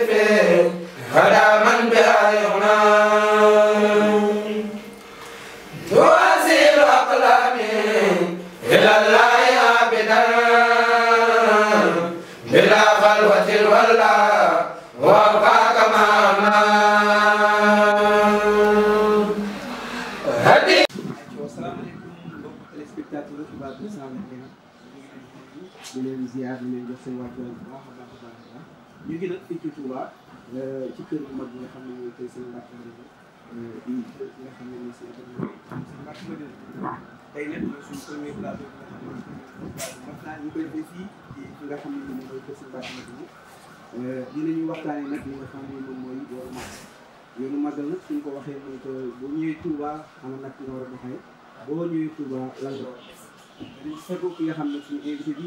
Right But Touba euh, ci kër bu mag bi nga xam ne ñooy tey seen Mbàkke Madina nga xam ne ñooy seen Mbàkke Madina tey nag mooy suñu premier plateau bi nga xam ne waxtaan ñu koy defee nga xam ne ko waxee mooy que boo ñëwee Touba ana nga war a doxee boo ñëwee Touba lan nga war a ki nga xam ne suñu invité bi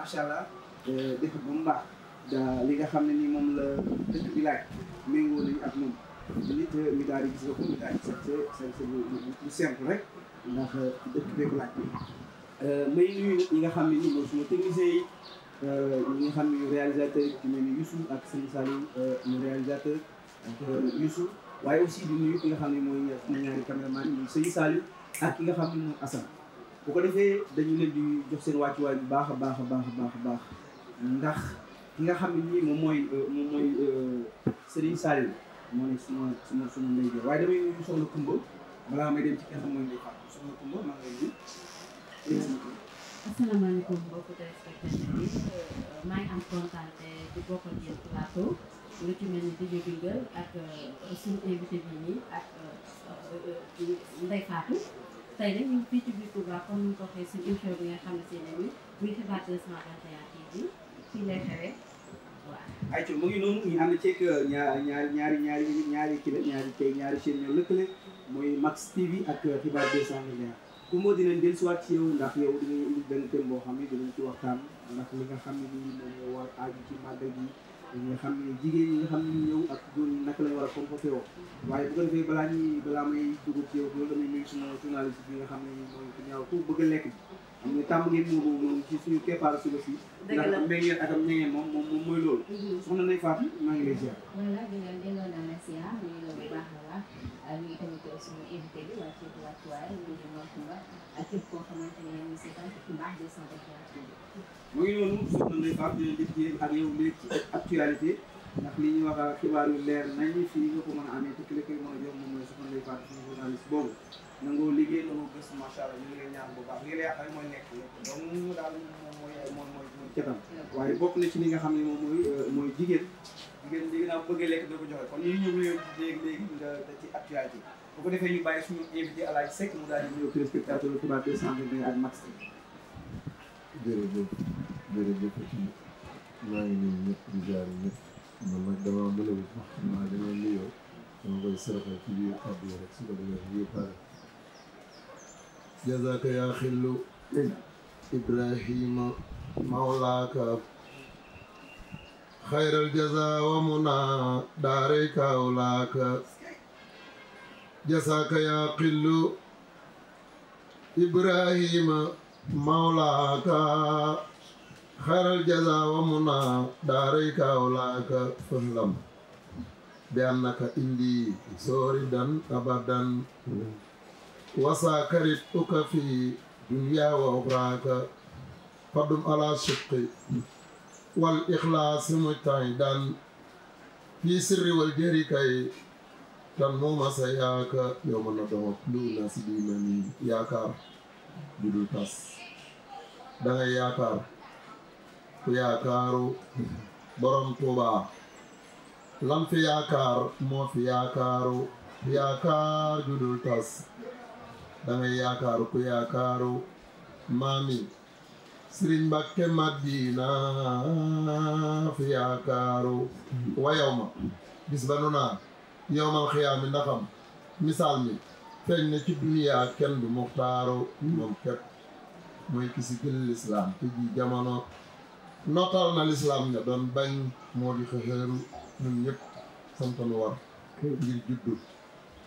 macha allah defar ba mu li nga xam ne nii moom la dëkk bi laaj méngoo nañu ak moom nit euh, mi daal di gis nga ko mi daal di gis seen seen rek ndax euh, dëkk beeku laaj bi euh, may nga xam ne nii mooy te techniciens yi ñi nga xam ne réalisateur yi ci mel ni Youssou ak Serigne Saliou ñu réalisateur ak Youssou waaye aussi di nuyu ki nga xam ne mooy suma ñaari caméraman yi muy Serigne Saliou ak nga xam ne mooy Assane bu ko defee dañu leen di jox seen wàccuwaay bu baax a baax a baax a baax ndax ki nga xam ne nii moom mooy euh, moom mooy euh, Serigne Sall moo ne suma suma suma ndey joor waaye damay nuyu soxna Kumba balaa may dem ci kenn mooy ndey Fatou soxna Kumba maa ngi lay nuyu. asalaamaaleykum mbokki téléspectateur bi euh, maa ngi am kontaan di bokk ak plateau lu ci mel ni Dj Binguel ak suñu invité bi nii ak Ndeye Fatou. tey nag ñu ngi fii ci biir Touba comme ni ko waxee suñu émission bi nga xamante ne nii muy xibaar 221 TV fii lay xewee waaw. ayca mu ngi noonu ñu ànd ceeg euh, ñaar ñaari ñaari ñaari ñaari kii la ñaari kay ñaari chaîne ñoo mooy Max TV ak euh, xibaar 221. ku moo dinañ dellusiwaat ci yow ndax yow dinañ indi benn thème boo xam ne dinañ ci waxtaan ndax li nga xam ne nii moom moo war aaju ci màggal gi. nga xam ne jigéen ñi nga xam ne ñëw ak góor ñi naka lañ war a comporté waaye bu ko defee balaa ñuy balaa may dugg ci yow damay nuyu sunu journaliste bi nga xam ne mooy ku ñaaw ku bëgg a lekk bi am nga tàmm ngeen ñëw moom ci suñu keppaar suba si ndax am meññeen ak am meññeen moom moom moom mooy loolu mhm. soxna Ndeye Fatou maa ngi nuyu tamit suñu invité bi waa Thiel ngi ak képp koo ne li ñuy wax xibaar leer nañu fii nga ko mën a amee te la koy mën a jox moom mooy soxna Ndeye Ba suñu journaliste boobu. nangoo liggéey ngi lay ñaan bu mooy nekk lépp donc moom mooy mooy catam waaye bokk na ci li nga xam ne moom mooy mooy jigéen ngeen dégg naa bëgg lekk doo ko joxe kon ñu ñëw ñëw léegi léegi ci actualité bu ko defee ñu bàyyi suñu invité El Hadj Seck mu daal di ñëw téléspectateur Touba 221 a wut koy saraxal ci biir kàddu yi rek su ko defee jazaaka yaa xillu Ibrahima Mawlaaka خير الجزاء ومنى داريك أولاك جزاك يا قل إبراهيم مولاك خير الجزاء ومنى داريك أولاك فهلم بأنك إندي سوردا أبدا وساكرتك في دنيا وأخراك فدم على شقي wal ixlaasi mujtahidan fii sirri wal jëri kay tan mooma sa yaaka yow na doxo lu na si diina ni yaakaar ju dul tas da yaakaar ku yaakaaru borom Tuubaa lam fi yaakaar moo fi yaakaaru yaakaar ju dul tas da yaakaaru ku yaakaaru maami sëriñ Mbàkke Madina fi yaakaaru wa yow ma bis ba nu naan yowmal xiyaami ndaxam misaal mi feeñ na ci duniyaa kenn du muxtaaru moom képp mooy ki si lislaam te ji jamono nootal na lislaam nga doon bañ moo di xëxëru ñun ñëpp santanu war juddu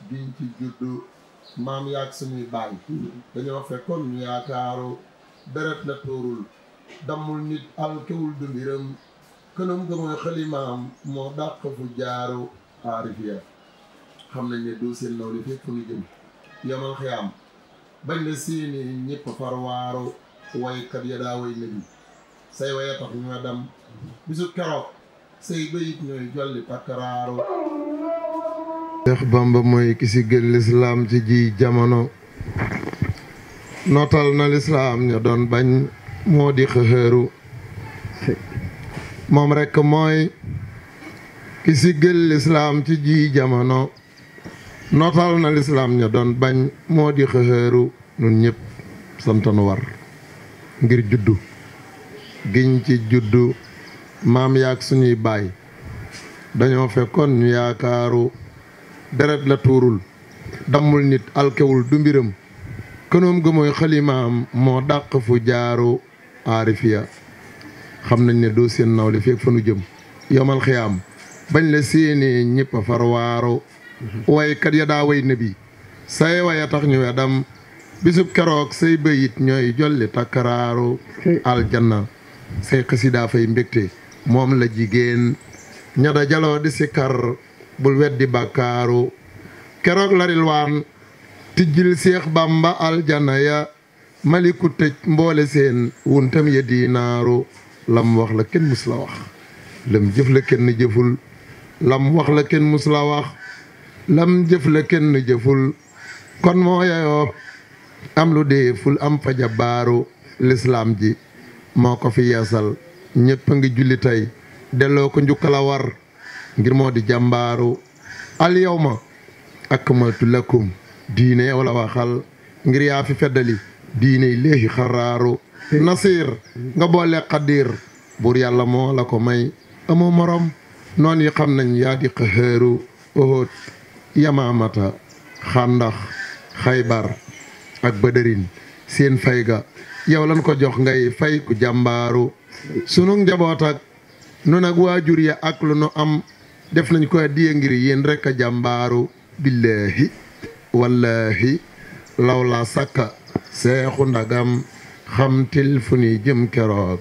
giñ ci juddu maam yaag suñuy baay dañoo fekkoon yaakaaru deret na tuurul dammul nit alkewul du mbiram kënam ga mooy xalimaam moo dàq fu jaaru aarifiya xam nañ ne doo seen nawle fépp fu ñu jëm yamal xiyaam bañ la seeni ñëpp farwaaru waykat ya daa way nabi say waya tax ñu nga dem bisu keroog say bayit ñooy jolli takkaraaru Seex Bamba mooy ki si lislaam ci ji jamono nootal moom rekk mooy ki siggil lislaam ci ji jamono nootal na lislaam ña doon bañ moo di xëxëru nun ñëpp santanu war ngir juddu giñ ci juddu maam yaak suñuy baay dañoo fekkoon ñu yaakaaru deret la tuurul dammul nit alkewul du mbiram kënoom ga xalimaam moo dàq fu jaaru aarifiya xam nañ ne doo seen nawle feeg fa nu jëm yomal xiyaam bañ la séenee ñëpp a farwaaru waykat ya daa way nabi say waya tax ñu wedam bisub keroog say bëyit ñooy jolli takkaraaru aljanna say xasidaa fay mbégte moom la jigéen ña da jaloo di sikkar bul weddi bàkkaaru keroog laril waan tijjil seex bamba aljana ya maliku tëj mboole seen wuntam ya dinaaru lam wax la kenn mus wax lam jëf la kenn jëful lam wax la kenn mus wax lam jëf la kenn jëful kon moo yeyoo am lu deeful am faja baaru lislaam ji moo ko fi yeesal ñëpp a ngi julli tey delloo ko njukkal war ngir moo di jàmbaaru al yawma akmaltu lakum diine wala waxal ngir yaa fi feddali diine yi léegi xaraaru nasir nga boole xaddiir buur la ko may amoo morom noon yi xam nañ yaa di xëxëru óot yamaamata xàndax xaybar ak bëdërin seen fay ga yow ko jox ngay fay ko jàmbaaru sunu njaboot ak nu nag waajur ya ak lu nu am def nañ ko diye ngir yéen rek a jàmbaaru billaahi والله لولا سكا سيخو نغام خم تلفني جم كراب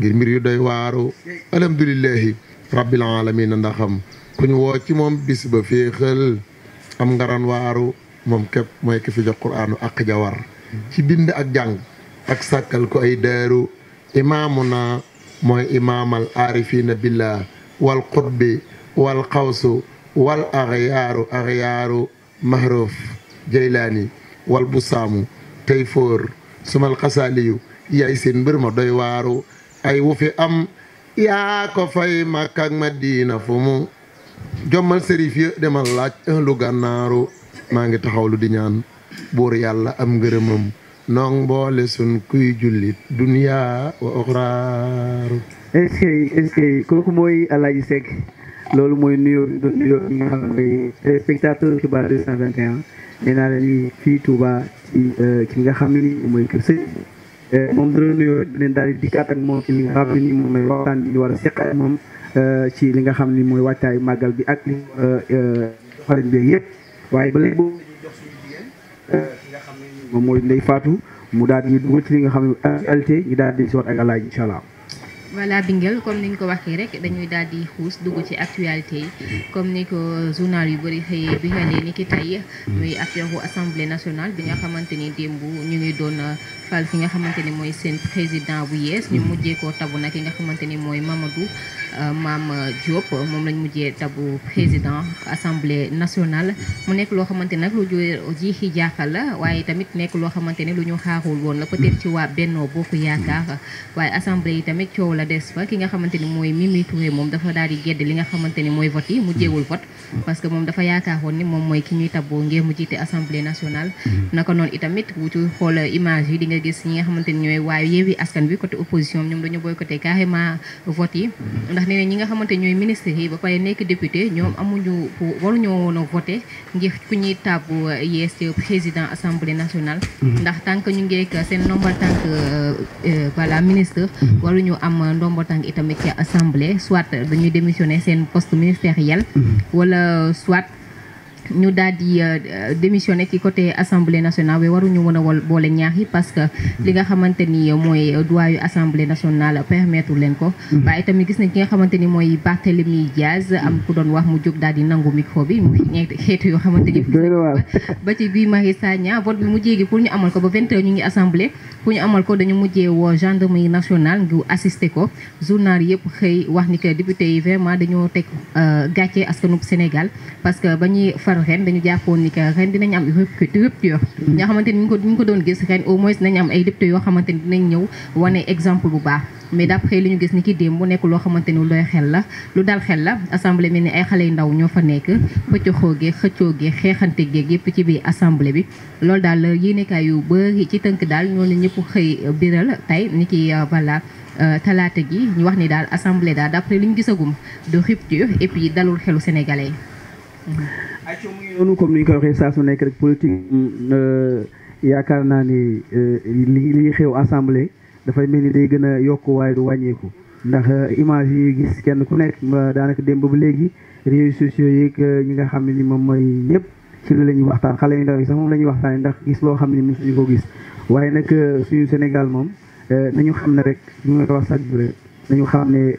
غير ميريو داي وارو الحمد لله رب العالمين نخم كون ووتي موم بيس با فيخل ام غران وارو موم كيب موي كفي جو قران اك جوار سي بيند اك جانغ اك ساكال كو اي دارو امامنا موي امام العارفين بالله والقرب والقوس والاغيار اغيارو mahroof Jailani, wal busamu tayfor sumal xasaaliyu yaay birma doy waru ay wufi am Ya ko fay Makka Madina fumu jomal jommal sërif ya, demal laaj lu ganaru mangi ngi taxawlu di ñaan buur yalla am ngërëmam noong boole sun kuy julit dunya wa ukhra est-ce est-ce loolu mooy nuyoo bi doon nuyoo bi nga xam ne téléspectateur Xibaar 221 nee naa leen ni fii Touba ci euh, ki nga xam ne ni mooy Kër Sëñ euh, moom dina nuyoo dinañ daal di dikkaat ak moom ci li nga xam ne moom mooy ak moom ci li nga xam ne mooy waajtaayu màggal bi ak li xarit bi yëpp waaye ba léegi boobu xam ne moom mooy Ndeye faatu mu daal di ñu dugal ci li nga xam ne actualité ñu daal di si ak alaaj incha allah. voilà Binguel comme niñ ko waxee rek dañuy daal di xuus dugg ci actualité yi comme ni ko journal yu bëri xëyee bi nga ne ni ki tey muy affaire u assemblée nationale bi nga xamante ni démb ñu ngi doon fal ki nga xamante ni mooy seen président bu yees ñu mujjee koo tabu nag ki nga xamante ni mooy Mamadou euh, Mame Diop moom lañ mujjee tabu président assemblée mu nekk loo xamante nag lu jiixi jaaxal la waaye tamit nekk loo xamante ni lu ñu xaarul woon la peut-être ci waa Benno Bokk Yaakaar waaye assemblée yi tamit coow la des fa ki nga xamante ni mooy Mimi Touré moom dafa daal di gedd li nga xamante ni mooy vote yi mujjeewul vote parce que moom dafa yaakaaroon ni moom mooy ki ñuy tabu ngir mu jiite assemblée nationale mm-hmm. naka noonu itamit wutu xool PDS ñi nga xamante ni ñooy waaye Yewwi Askan Wi côté opposition ñoom dañu boycotté carrément vote yi ndax nee ñi nga xamante ñooy ministre yi ba pare nekk député ñoom amuñu waruñoo woon a voté ngir ku ñuy tàbb yees président assemblée nationale mm-hmm. ndax tànk ñu ngeek seen ndombal tànk euh, euh, voilà ministre mm-hmm. waruñu am ndombal tànk itamit ci assemblée soit dañuy démissionné seen poste ministériel mm-hmm. wala soit ñu daal di euh, euh, démissionné ci côté assemblée nationale waaye waruñu mën a boole ñaax parce que li nga xamante ni mooy doyen assemblée nationale permettre leen ko. Mhm. waaye tamit gis nañ ki nga xamante ni mooy Barthélemy Diaz mhm. am ku doon wax mu jóg daal di nangu micro bi mu xeet yoo xamante ni. ba ci Guy Marius Sagna vote bi mujjee gi pour ñu amal ko ba vingt heures ñu ngi assemblée pour ñu amal ko dañu mujjee woo gendarmerie nationale ngir assister ko journal yëpp xëy wax ni que député yi vraiment dañoo teg euh, gàcce askanu Sénégal parce que defaru ren dañu jàppoon ni que ren am rupture ñoo mm. xamante ni ñu ko doon gis ren au moins dinañ am ay député yoo xamante ni dinañ ñëw wane exemple bu baax mais d'après li ñu gis ni ki démb bu nekk loo xamante ni looy xel la lu dal xel la assemblée mel ay xale yu ndaw ñoo fa nekk pëccoxoo gi xëccoo gi xeexante géeg ci biir assemblée bi loolu daal yéenekaay yu bëri ci tënk daal ñooñu ñëpp xëy biral tey ni ki euh, voilà euh, talaata gi ñu wax ni daal assemblée daal d'après li ñu gisagum de rupture et puis dalul xelu sénégalais yi mm-hmm. acca mu ngi noonu comme ni ñu koy waxee saa su nekk rek politique euh, yaakaar naa ni euh, li li xew assemblée dafay mel ni day gën a yokk waaye du wàññeeku ndax euh, image yi gis kenn ku nekk daanaka démb bu léegi réseaux sociaux yeeg ñi nga xam ne ni moom mooy ñëpp ci la ñuy waxtaan xale yu ndaw sax moom la ñuy yi ndax gis loo xam ne ni suñu ko gis waaye nag suñu Sénégal moom nañu xam ne rek ñu ngi wax sax nañu xam ne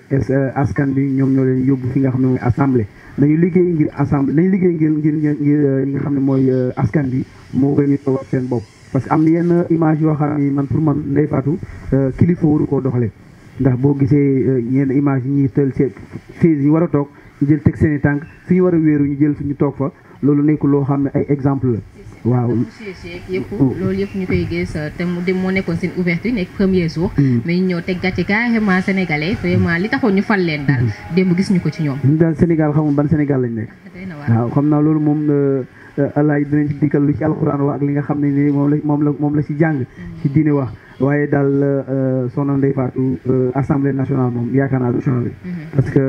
askan bi ñoom ñoo leen yóbbu fi nga xam ne mooy assemblée nañu liggéey ngir ensemble nañu liggéey ngir ngir ngir euh, li nga xam ne mooy euh, askan bi moo gën a toogal seen bopp. parce que am na yenn image yoo xam ne man pour man Ndeye Fatou euh, kilifa waru koo doxalee ndax boo gisee yenn image yi ñuy tël seen chaise yi war a toog ñu jël teg seen i tànk fi ñu war a wéeru ñu jël fi ñu toog fa loolu nekk loo xam ne ay exemple la. waaw yëpp loolu yëpp ñu koy gis euh, te mu dem moo nekkoon seen ouverture nekk premier jour mm. mais ñu ñëw teg gàcce carrément sénégalais vraiment li taxoon ñu fal leen daal mm. démb gis ñu ko ci ñoom ñu daal Sénégal xamul ban Sénégal lañ nekk waaw xam naa loolu moom euh, euh, alaaji dinañ ci lu ci alxuraan li nga xam ne ni moom la moom la moom la ci jàng mm. ci diine wax waaye daal soxna Ndeye Fatou assemblée nationale moom yaakaar naa du changé mm-hmm. parce que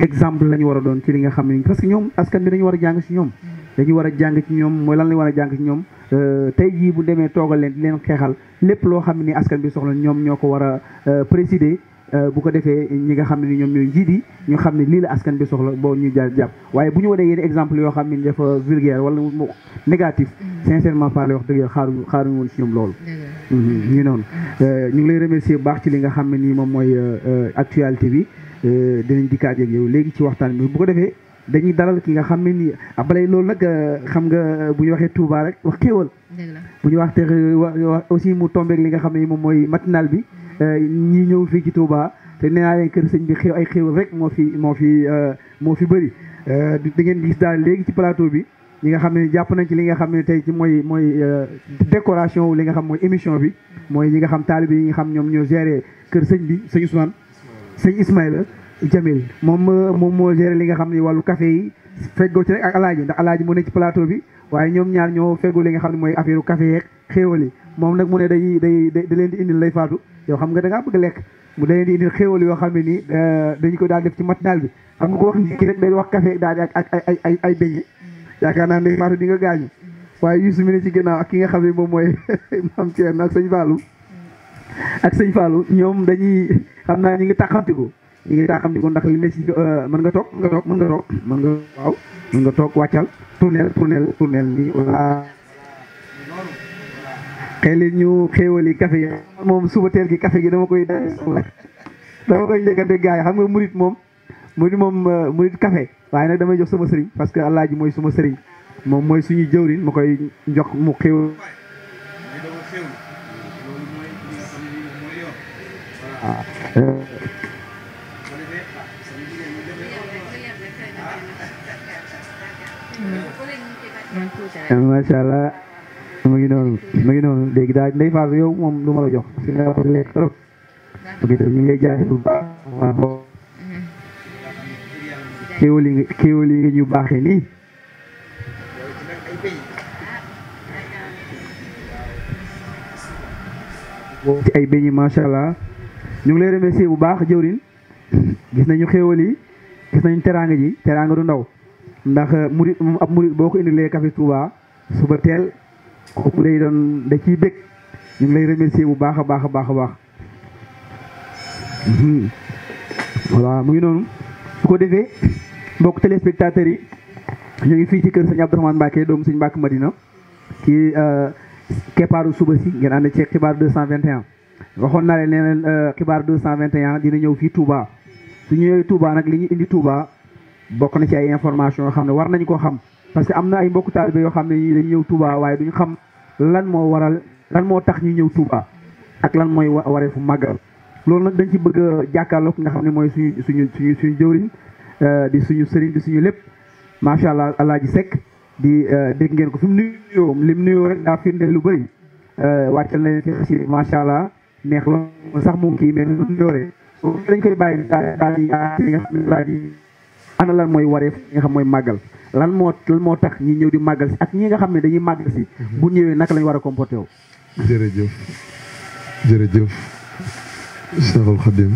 exemple la ñu war doon ci li nga xam ne parce que ñoom askan bi dañu war a jàng ci ñoom mm-hmm. dañu war a jàng ci ñoom mooy lan lañu war a jàng ci ñoom euh, tey jii bu demee toogal leen di xeexal lépp loo xam ne askan bi soxla ñoom ñoo ko war a euh, présider euh, bu ko defee ñi nga xam ne ni ñoom ñooy njiit yi ñu xam ne lii askan bi soxla boo ñu jaar jàpp waaye bu ñu wanee yenn exemple yoo xam ne dafa vulgaire wala négatif sincèrement parlé wax dëgg yàlla xaaruñu xaaruñu woon si ñoom loolu mhm, ñu noonu ñu ngi lay remercier bu baax ci li nga xam ne nii moom mooy actualité bi dinañ dikkaat ak yow léegi ci waxtaan bi bu ko defee dañuy dalal ki nga xam ne nii ah, balay loolu nag euh, xam nga euh, bu ñu waxee Touba rek wax xéewal bu ñu waxte euh, aussi mu tombeek li nga xam ne moom mooy matinal bi mm-hmm. ñi ñëw fii ci Touba te nee naa leen kër sëñ bi xéew ay xéewal rek moo fi moo fi moo fi bëri da ngeen gis daal léegi ci plateau bi ñi nga xam ne jàpp nañ ci li nga xam ne tey ci mooy mooy décoration li nga xam mooy émission bi mooy ñi nga xam taalibe yi nga xam ñoom ñoo géré kër sëñ bi sëñ Ousmane sëñ Ismaïla Jamil moom moom moo géré li nga xam ne wàllu kafe yi feggoo ci nag ak yi ndax alaaji moo nekk ci plateau bi waaye ñoom ñaar ñoo feggoo li nga xam ne mooy affaire kafe yeeg xéewal yi moom nag mu ne day day da leen di indil lay faatu yow xam nga da ngaa lekk mu da leen di yoo xam ne nii euh, dañu ko daal def ci matinal bi xam nga ko wax ni kii rek day wax café daal di ak ak ay ay ay yaakaar naa ne faatu di nga gaañu waaye Youssou mi ne ci ginnaaw ak ki nga xam ne moom mooy maam Thierno ak sëñ ak sëñ Fallou ñoom dañuy xam naa ñu ngi taxantiku ngir daa xam ne kon ndax li ne ci mën nga toog nga toog mën nga toog mën nga waaw mën nga toog wàccal tournel tournel tournel nii voilà xëy leen ñu xéewali café yi moom suba teel gi café gi dama koy dama koy njëkkante gars yi xam nga murit mom murit moom murit café waaye nag damay jox sama sëriñ parce que alaaji mooy sama sëriñ mom mooy suñu jëwrin ma koy jox mu xéewal waaw macha allah mu ngi noonu mu léegi daal ndey faatu yow moom lu ma la jox si nga wax lekk trop ok ñu ngi lay jaay bu baax kéwali nga kéwali nga ñu baaxee nii ci ay beñi macha allah ñu ngi lay remercier bu baax jëwrin gis nañu xéewal yi gis nañu teraanga ji teraanga du ndaw ndax euh, murit moom ab murit boo ko indilee café Touba suba teel kooku lay doon da ciy bég ñu ngi lay remercier bu baax a baax a baax a baax hmm. voilà mu ngi noonu su ko defee mbokk téléspectateurs yi ñu ngi fii ci kër sëñ Abdourahmane Mbacke doomu sëñ Mbacke Madina ci euh, keppaaru suba si ngeen ànd ci xibaar 221 waxoon naa leen nee euh, xibaar 221 dina ñëw fii Touba su ñëwee Touba nag li ñu indi Touba bokk na ci ay information yoo xam ne war nañ koo xam parce que am na ay mbokku taalibe yoo xam ne ñii dañ ñëw Touba waaye duñ xam lan moo waral lan moo tax ñu ñëw Touba ak lan mooy waree fu màggal loolu nag dañ ci bëgg a jàkkaarloo ki nga xam ne mooy suñu suñu suñu suñu jëwriñ euh, di suñu sëriñ di suñu lépp macha allah ji Seck di euh, dégg ngeen ko fi mu nuyoo lim nuyoo rek daa firnde lu bëri euh, wàccal na leen ci macha allah neex lool sax moom kii mais nuyoo rek dañ koy bàyyi daal di ne di ana lan moy wareef nga xam moy magal lan mo lan mo tax ñi ñew di magal ak ñi nga xam ne dañuy magal si mhm. bu ñewé nak lañ wara a comporté wu jërëjëf jërëjëf seexul xadim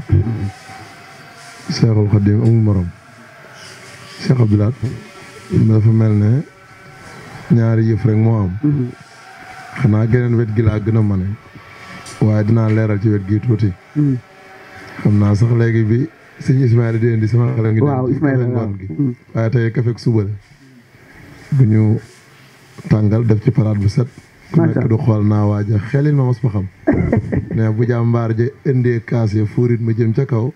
seexul khadim am morom cheikh abdulaat ma fa melne ñaari yëf rek mo am mhm. xana geneen wet gi la gëna mané waye dina dinaa ci wet gi tuti mhm. xamna sax léegi bi sëñ Ismaïla di leen di sama xale ngi waaw Ismaïla ngoon gi hmm. waaye ñu tàngal def ci palaat bu set ku nekk du xool naa waaja xelil ma mos xam ne bu jàmbaar ja indee kaas ya fuurit ma jëm ca kaw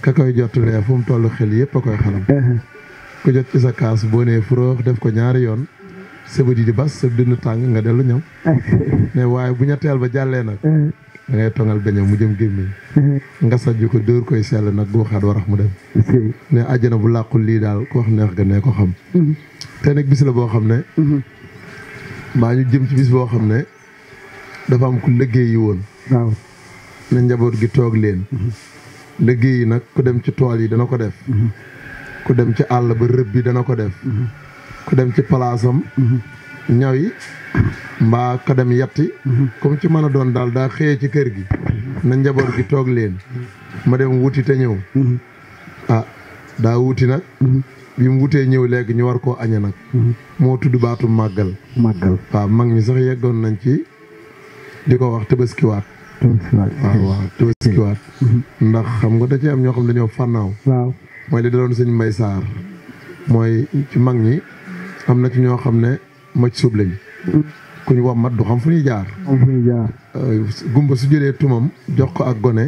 ka koy jot fu mu toll xel yëpp a koy xalam ku jot ci sa kaas boo nee furoox def ko ñaari yoon sëbët yi di bas sa dënn tàng nga dellu ñam ne waaye bu ñetteel ba jàllee nag da ngay tongal beñam mu jëm gémmiñ mm-hmm. nga sajj ko dóor koy sell nag guuxaat warax mu dem ne àjjana bu làqu lii daal ku wax neex ga ne ko xam mm-hmm. te nag bis la boo xam ne maa mm-hmm. ñu jëm ci bis boo xam ne dafa am ku liggéey yi woon waaw njaboot gi toog leen liggéey yi nag ku dem ci tool yi dana ko def ku dem ci àll ba rëbb bi dana ko def ku dem ci palaasam ñaw yi mbaa ka dem yatti comme ci mën a doon daal daa xëye ci kër gi na njaboot gi toog leen ma dem wuti te ñëw ah daa wuti nag bi mu wutee ñëw léegi ñu war koo aña nag moo tudd baatu màggal màggal waaw mag ñi sax doon nañ ci di ko wax tëbaskiwaat waaw waaw tëbaskiwaat ndax xam nga da ci am ñoo xam dañoo fànnaaw waaw mooy li daloon sëñ Mbay Saar mooy ci mag ñi am na ci ñoo xam ne maj suub lañ ku ñu wammat du xam fu ñuy jaar xam fu ñuy euh, gumba su jëlee tumam jox ko ak gone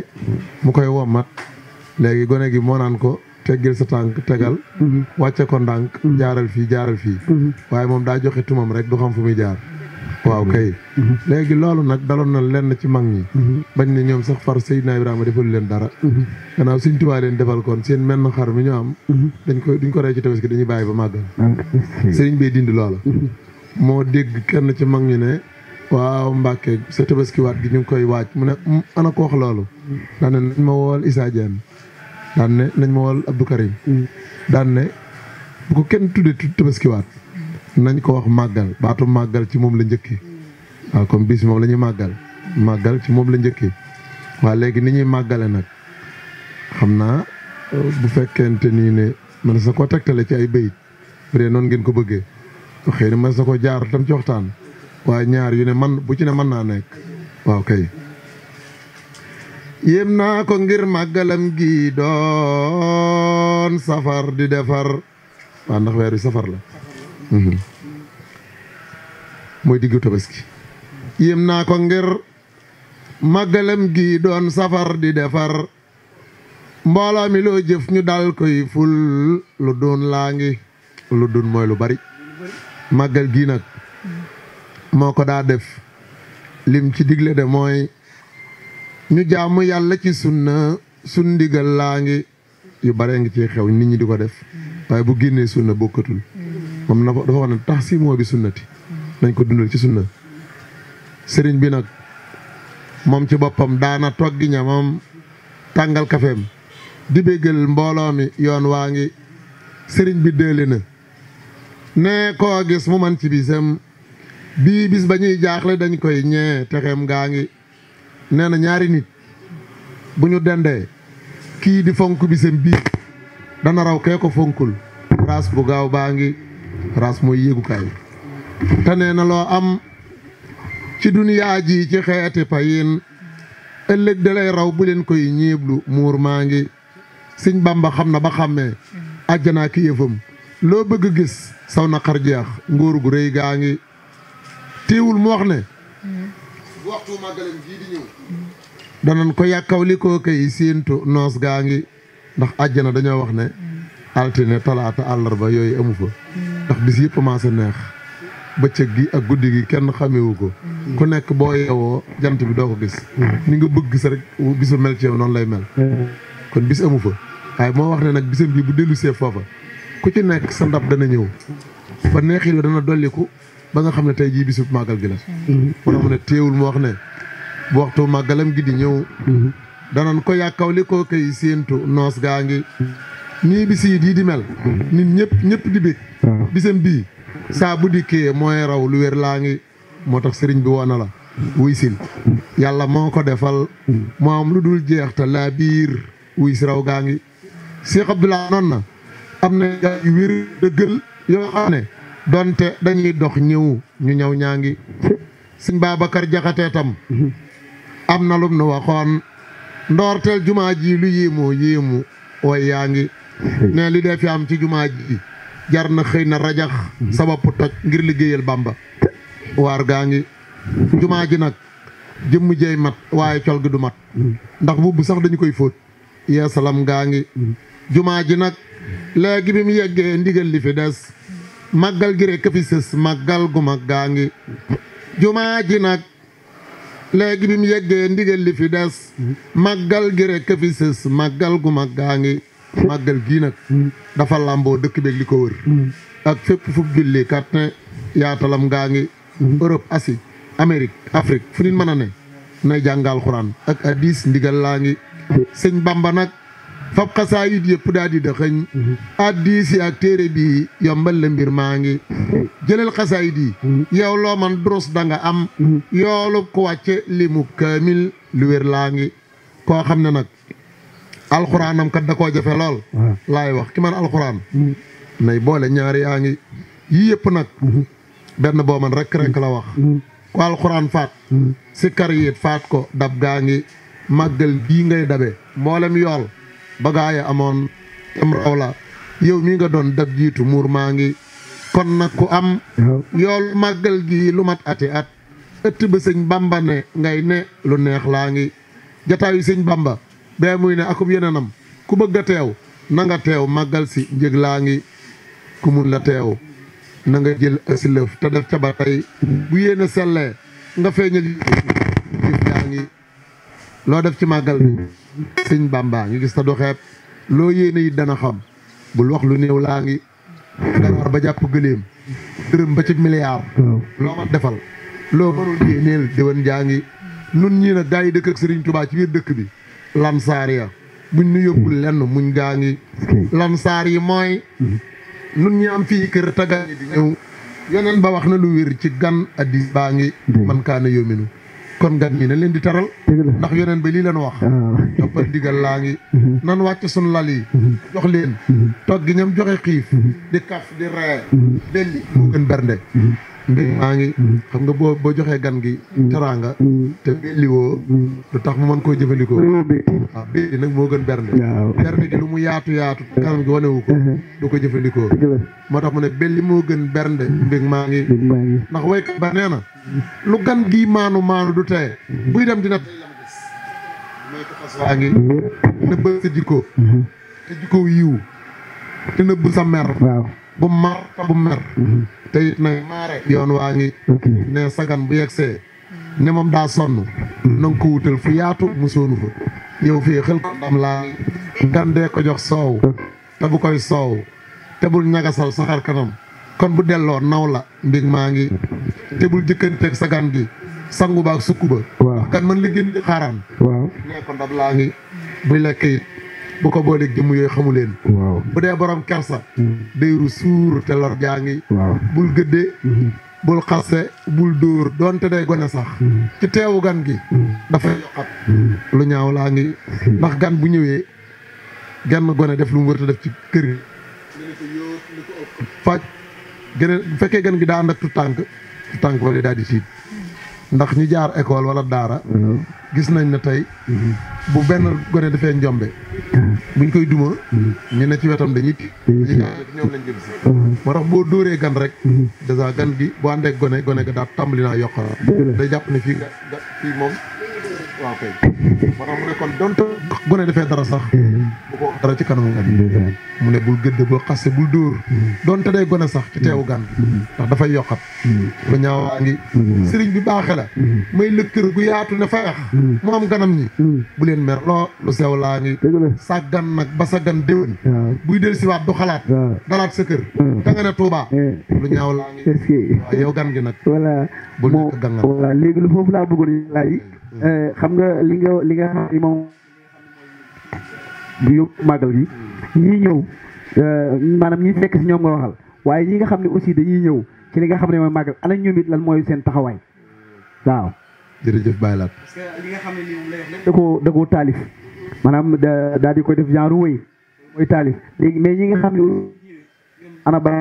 mu koy wammat léegi gone gi moo naan ko teggil sa tànk tegal mm-hmm. wàcce ko ndànk mm-hmm. jaaral fii jaaral fii mm-hmm. waaye moom daa joxe tumam rek du xam fu muy jaar waaw kay léegi loolu nag daloon na lenn ci mag ñi bañ ne ñoom sax far Seydina Ibrahima defalu leen dara gannaaw suñ tubaa leen defal kon seen menn xar mi ñu am dañ ko duñ ko rey ci tabaski dañuy bàyyi ba màgg ah, sëriñ bee dindi loola mo deg kenn ci mag ñu ne waaw Mbacke sa tabaski wat gi ñu koy wacc mu ne mm, ana ko wax lolu dan ne nañ ma wol isa Diagne dan ne nañ ma wol Abdou Karim dan ne bu ko kenn tuddee tabaski wat nañ ko wax magal baatu magal ci mom la ñëkke wa comme bis mom lañu magal, magal ci mom la ñëkke wa legi ni ñi magalé nak xamna bu fekkente ni ne man sa ko tegtale ci ay beuy bu non ngeen ko bëggee Oke, na mas jar ko jaar tam ci waxtaan waaye ñaar yu ne man bu ci ne man na nek waaw kay yem na ko ngir magalam gi doon safar di defar waa ndax weer safar la moy mhm. digu tabaski yem na ko ngir magalam gi doon safar di defar mbooloo mi lo jëf ñu dal koy ful lu doon laangi lu doon moy lu bari màggal gii nag moo ko daa def lim ci digle de mooy ñu jaamu yàlla ci sunna sun ndigal laa ngi yu ngi ci xew nit di ko def waaye bu génnee sunna bokkatul moom na dafa wax ne tax si bi bi ti nañ ko dundal ci sunna sëriñ bi nag moom ci boppam daana toggi ñamam tàngal kafem di béggal mbooloo mi yoon waa ngi sëriñ bi déele na ne koo gis mu man ci bisam bii bis ba ñuy jaaxle dañ koy texem texeem gaa ngi nee na ñaari nit bu ñu dendee kii di fonk bisam bii dana raw kee ko fonkul raas bu gaaw baa ngi raas mooy yéegukaay te na loo am ci duniyaa ji ci xeeti payin ëllëg da lay raw bu leen koy ñiiblu muur maa ngi sëñ Bàmba xam na ba xàmmee àjjanaa ki yëfam loo bëgg a gis saw naqar jeex ngóor gu rëy gaa ngi téewul mu wax ne bu waxtu màggalam gii di ñëw danañ ko yàkkaw li koo koy séentu noos gaa ndax àjjana dañoo wax ne altine talaata àllarba yooyu amu fa ndax bis neex gi ak guddi gi kenn ko ku nekk jant bi ko gis ni nga bëgg sa rek bisu mel ci lay mel mm. kon bis amu fa waaye moo wax ne nag bisam bi bu ku ci nekk sa ndab dana ñëw ba neexil ba dana dolliku ba nga xam ne tey jii bisub màggal gi la moo tax mu wax ne bu waxtu màggalam gi di ñëw danan ko yàkkaw li koo koy séentu noos gaa ngi nii bi di mel nit ñëpp ñëpp di bég bisam bii saa bu dikkee mooy raw lu wér laa ngi moo tax sëriñ bi woona la wuy sil yàlla moo ko defal moo am lu dul jeex te laa biir wuy si raw gaa ngi Cheikh Abdoulaye na am na jaay yu wér dëggal yoo xam ne donte dañuy dox ñëw ñu ñëw ñaa ngi sëñ Babacar tam am na lum nu waxoon ndoorteel jumaa ji lu yéemoo yéemu way yaa ngi ne li dee fi am ci jumaa ji jar na xëy na rajax sa bopp toj ngir liggéeyal Bàmba waar gaa ngi jumaa ji nag jëmm jeey mat waaye col gi du mat ndax bubb sax dañu koy fóot yeesalam gaa ngi jumaa ji nag léegi bi mu yegge ndigal li fi maggal magal gi rek fi sës magal gu mag juma ngi jumaa ji nag léegi bi mu yegge ndigal li fi dess magal gi rek fi magal gu mag magal gi nak dafa lambo dekk beeg li wër ak fu julli carte ne yaatalam gangi Europe asi amerique Afrique fu ni manane ne nay jàngal ak hadith ndigal laa ngi Bamba nak fab xasaayit yëpp puda di xagn adi si ak tere bi yombal le mbir maangi ngi mhm. jëlal xasaayit mhm. yow lo man durus da nga am ya ko wacce limu kamil lu wer laangi ko xamne nak alquranam kat da ko jafe lol ah. lay wax ki man alquran mhm. nay boole ñaar yaangi yi yii nak ben bo man rek rek la wax ku alquran faat si kariyet faat ko dab gaangi magal bi ngay dabe mboolem yool ba gaaya amoon tam la yow mii nga doon dab jiitu muur maa ngi kon nag ku am yool màggal gi lu mat at ëtt ba sëñ bamba ne ngay ne lu neex laa ngi jataayu sëñ bamba bee muy ne akub yeneenam ku bëgg a teew na nga teew màggal si njëg laa ngi ku la teew na nga jël si lëf te def ca ba tey bu yéene sellee nga feeñal yi loo def ci màggal bi sëñ Bamba ñu gis ta doxeeb loo yéene it dana xam bul wax lu néew laa ngi danaar ba jàpp gëléem dërëm ba ci milliard loo ma defal loo mënul yéeneel déwén jaa ngi nun ñii nag gaa yi dëkk ak Serigne ci biir dëkk bi lansaar ya buñ nu yóbbul lenn muñ gaa ngi lansaar yi mooy nun ñi am fii kër tagaa ngi di ñëw ba wax na lu wér ci gan addi baa ngi man kaana kon gan ñi na leen di taral ndax yeneen ba lii leen wax ah. toppal ndigal laa ngi mm-hmm. nan wàcc sun lal yi mm-hmm. jox leen mm-hmm. toog gi ñam joxe xiif di kaf di ree belli moo gën bernde mbég mm. maa ngi mm. xam nga boo boo joxee gan gi mm. teraanga te belliwoo du tax mu mën koo jëfandikoo waaw béy ah, nag moo gën bernde bernde gi lu mu yaatu yaatu kanam gi wanewu ko mm-hmm. du ko jëfandikoo moo tax mu ne belli moo gën bernde mbég maa ngi ndax waykat ba nee na lu gan gi maanu maanu du tee mm-hmm. buy dem dina waa ngi mm-hmm. nëbb sa jikko te jikko yiw te nëbb sa mer bu mar te mer te it maare yoon waa ngi ne sagan bu yegsee mm. ne moom daa sonn mm. na ko wutal fu yaatu mu soonu fa yow fi xel ko ndam laa mm. gan dee ko jox soow te bu koy soow te bul ñagasal sa kanam kon bu delloo naw la mbig maa ngi te bul jëkkanteeg sagan gi sangu baak sukk ba kan man li di xaaraan buy lekk it bu ko di jëmm yooyu xamu leen bu dee borom kersa hmm. day ru suur lor jaa ngi bul gëddee hmm. bul xaste bul dóor doonte day gone sax hmm. ci teewu gan gi dafay yoqat lu ñaaw laa ngi ndax gan bu ñëwee gan gone def lu wërta def ci kër gi gëne bu gan gi da ak tu tànk tu wala di siit ndax ñi jaar école wala daara. gis nañ ne tey. bu benn gone dafee njombe. buñ koy duma. ñu ci wetam dañ ti. ñoom lañ jëm si. moo boo dóoree gan rek. dèjà gan gi bu àndee gone gone ga daa tàmbali naa yokk. day jàpp ne fii nga fii moom. waaw kay moo tax mu ne kon donte bu ne defee dara sax bu ko dara ci kanamu mu ne bul gëdd boo xasse bul dóor dont day gone sax ci teewu gan ndax dafay yokkat lu ñaawaa ngi sëriñ bi baaxe la kër gu yaatu ne fayax mu am ganam ñi bu leen mer loo lu sew laa ngi sàggan nag ba sa gan déwén buy del siwaat du xalaat dalaat sa kër da ne Touba eh. lu ñaaw laa ngi waaw yow gan gi nag voilà bu nekk gan voilà léegi lu foofu laa bëggoon laaj Euh, xam nga li nga li nga xam ne moom bu yóbbu màggal gi ñii ñëw euh, maanaam ñi fekk si ñoom nga waxal waaye ñi nga xam ne aussi dañuy ñëw ci li nga xam ne mooy màggal ana ñoom lan mooy seen taxawaay waaw. jërëjëf li nga xam ne nii moom lay wax lépp taalif maanaam da daal di koy def genre wéy mooy taalif léegi mais ñi nga xam ne ana ba.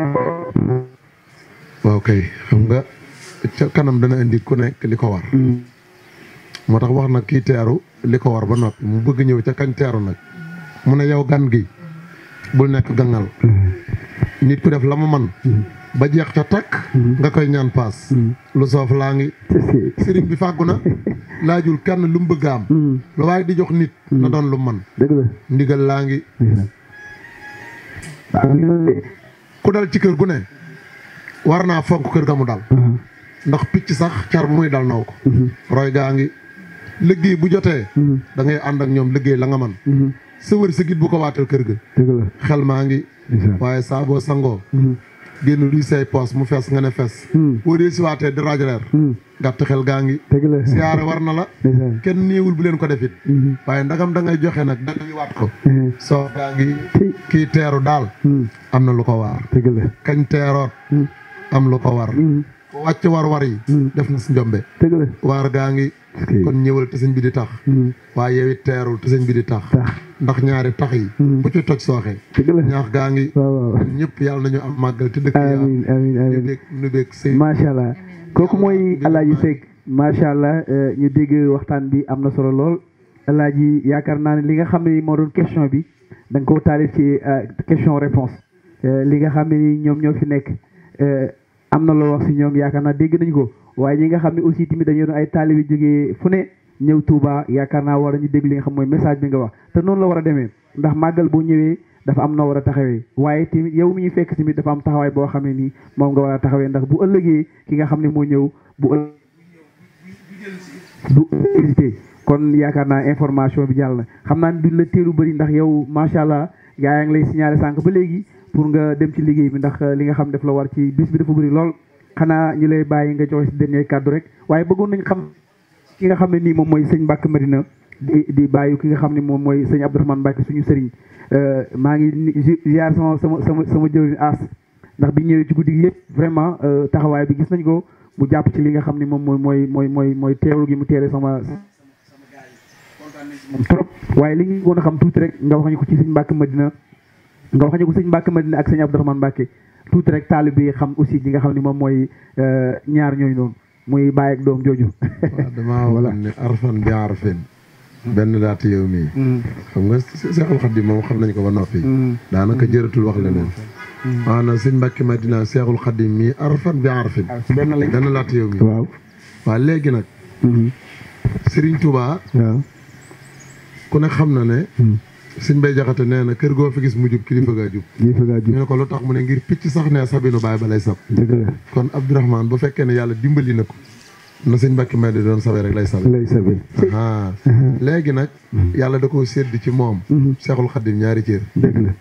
waaw kay xam nga ca kanam dana indi ku nekk li ko war. Hmm. moo tax wax na kii teeru li ko war ba noppi mu bëgg ñëw ca kañ teeru nag mu ne yow gan gi bul nekk gangal nit ku def la mu man ba jeex ca takk nga koy ñaan paas lu soof laa ngi sëriñ bi fàggu na laajul kenn lu mu am lu waaye di jox nit na doon lu man ndigal laa ngi ku dal ci kër gu ne war naa fonk kër ga mu dal ndax picc sax car muy dal naw ko roy gaa ngi liggéey bu jotee mhm. dangay ngay ànd ak ñoom liggéey la nga man mhm. sa wër sa git bu ko waatal kër ga xel maa ngi waaye saaboo sangoo mhm. génn luy say poos mu fees nga ne fees boo dee si waatee di rajoleer xel gaa ngi siyaare war na la kenn néewul bu leen ko defit waaye ndagam da ngay joxe nag da ngay waat ko soo gaa ngi kii teeru daal am na lu ko waar kañ teeroot am lu ko war wàcc war war yi def na si njombe waar gaa ngi kon ñëwal te sëñ bi di tax hmm. waaye yow it teerul te sëñ bi di tax ndax ñaari tax yi hmm. bu ci toj sooxe ñaax gaa ngi ñëpp yàlla nañu am màggal te dëkk amiin amiin amiin béeg nu macha allah kooku mooy alaaji Seck macha allah eh, ñu dégg waxtaan bi am na solo lool alaaji yaakaar naa ne li nga xam ne moo doon question bi da ko taalif ci eh, question réponse eh, li nga xam ne ñoom ñoo fi nekk am na loo wax si ñoom yaakaar naa dégg nañ ko waaye ñi nga xam ne aussi tamit dañoo doon ay taalibe jógee fu ne ñëw Touba yaakaar naa war a ñu dégg li nga xam mooy message bi nga wax te noonu la war a demee ndax màggal boo ñëwee dafa am noo war a taxawee waaye tamit yow mi ñu fekk tamit dafa am taxawaay boo xamee nii moom nga war a taxawee ndax bu ëllëgee ki nga xam ne moo ñëw bu ëllëgee kon yaakaar naa information bi jàll na xam naa du duñ la teelu bëri ndax yow macha allah gaa yaa ngi lay signalé sànq ba léegi pour nga dem ci liggéey bi ndax li nga xam def la war ci bis bi dafa lool xanaa ñu lay bàyyi nga joxe si dernier kàddu rek waaye bëggoon nañ xam ki nga xam ne nii moom mooy sëñ Mbacke Madina di di bàyyi ki nga xam ne moom mooy sëñ Abdourahmane Mbacke suñu sëriñ euh, maa ngi ziar sama sama sama sama jëwriñ aas ndax bi ñëwee ci guddi yëpp vraiment euh, taxawaay bi gis nañ ko mu jàpp ci li nga xam ne moom mooy mooy mooy mooy mooy teewlu gi mu teere sama moom trop waaye li ñu a xam tuuti rek nga wax ko ci mbàkk Mbacke Madina nga wax ñu ko sëñ Mbacke Madina ak sëñ Abdourahmane Mbacke tuuti rek taalibe yi xam aussi li nga xam ne moom mooy euh, ñaar ñooñu noonu muy bàyyi ak doom jooju. waaw damaa waxoon ne arfan bi arfin benn laata yow mii. Mm. xam nga Seexul Xadiim moom xam nañ ko ba noppi. Mm. daanaka jëratul wax leneen. Mm. maanaam sëñ Mbàkke Madina Seexul Xadiim mii arfan bi arfin. Ah, benn lañ benn laata yow mii. waaw waaw léegi nag. Mm-hmm. Serigne Touba. waaw ku ne xam na ne. suñ bay jaxate nee na kër goo fi gis mu jub kilifa gaa jub ñu ne ko lu tax mu ne ngir picc sax ne sabinu baay ba lay sab kon Abdourahmane bu fekkee ne yàlla dimbali na ko na sëñ Mbàkke may di doon sabe rek lay sabe lay sabe léegi nag mhm. yàlla da koo sédd ci moom mhm. Seexul Xaddim ñaari cër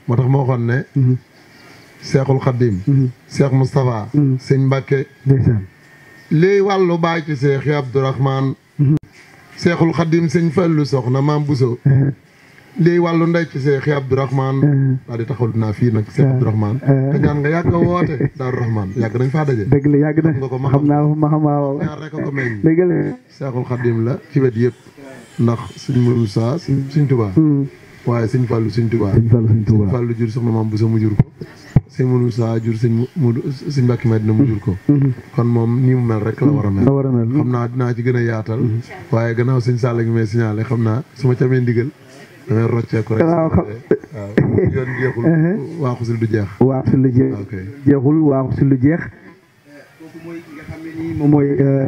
moo tax moo waxoon ne mhm. Seexul Xaddim Seex Moustapha sëñ Mbàkke lii wàllu baay ci Seexi Abdourahmane Seexul Xaddim sëñ Fallu soxna maam Buso léegi wàllu nday ci Cheikh Abdourahmane daal mm. di taxawlu naa fii nag Cheikh Abdourahmane eh. te ñaan nga yàgg a woote Daaru Rahmane yàgg nañ faa daje dëgg la yàgg na xam naa ma xam rek a ko meññ la ci wet yëpp ndax suñ Moussa suñ Touba mm. waaye suñ Fallou suñ Touba suñ Fallou jur soxna maam bu sa mu jur ko sëñ Moussa jur sëñ mu sëñ Mbàkke Madina mu jur ko mm. mm-hmm. kon moom nii mu mel rek la war a mel xam naa dinaa ci gën yaatal mm-hmm. waaye gannaaw suñ Sall gi may signalé xam naa suma ma camee ndigal damay rocceeku rek. waaw xam eh, yoon uh-huh. jeexul. waaxu si si lu jeex. jeexul mooy ki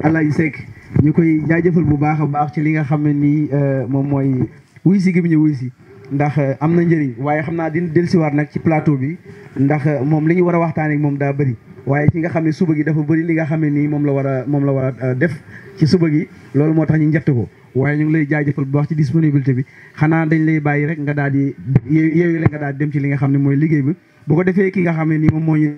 nga xam uh, ñu koy jaajëfal bu baax a baax ci li nga xam ne nii uh, moom mooy wuy si gi mu ñu wuy si. ndax uh, am na njëriñ waaye xam naa dina dellusiwaat nag ci plateau bi ndax moom li ñu war a waxtaanee moom daa bëri waaye ci nga xam ne suba gi dafa bëri li nga xam ne nii moom la war a moom la war a def. ci suba gi loolu moo tax ñu njëtt ko waaye ñu ngi lay jaajëfal bu baax ci disponibilité bi xanaa dañ lay bàyyi rek nga daal di yeewi la nga daal di dem ci li nga xam ne mooy liggéey bi bu ko ki nga xam ne nii moom moo ñu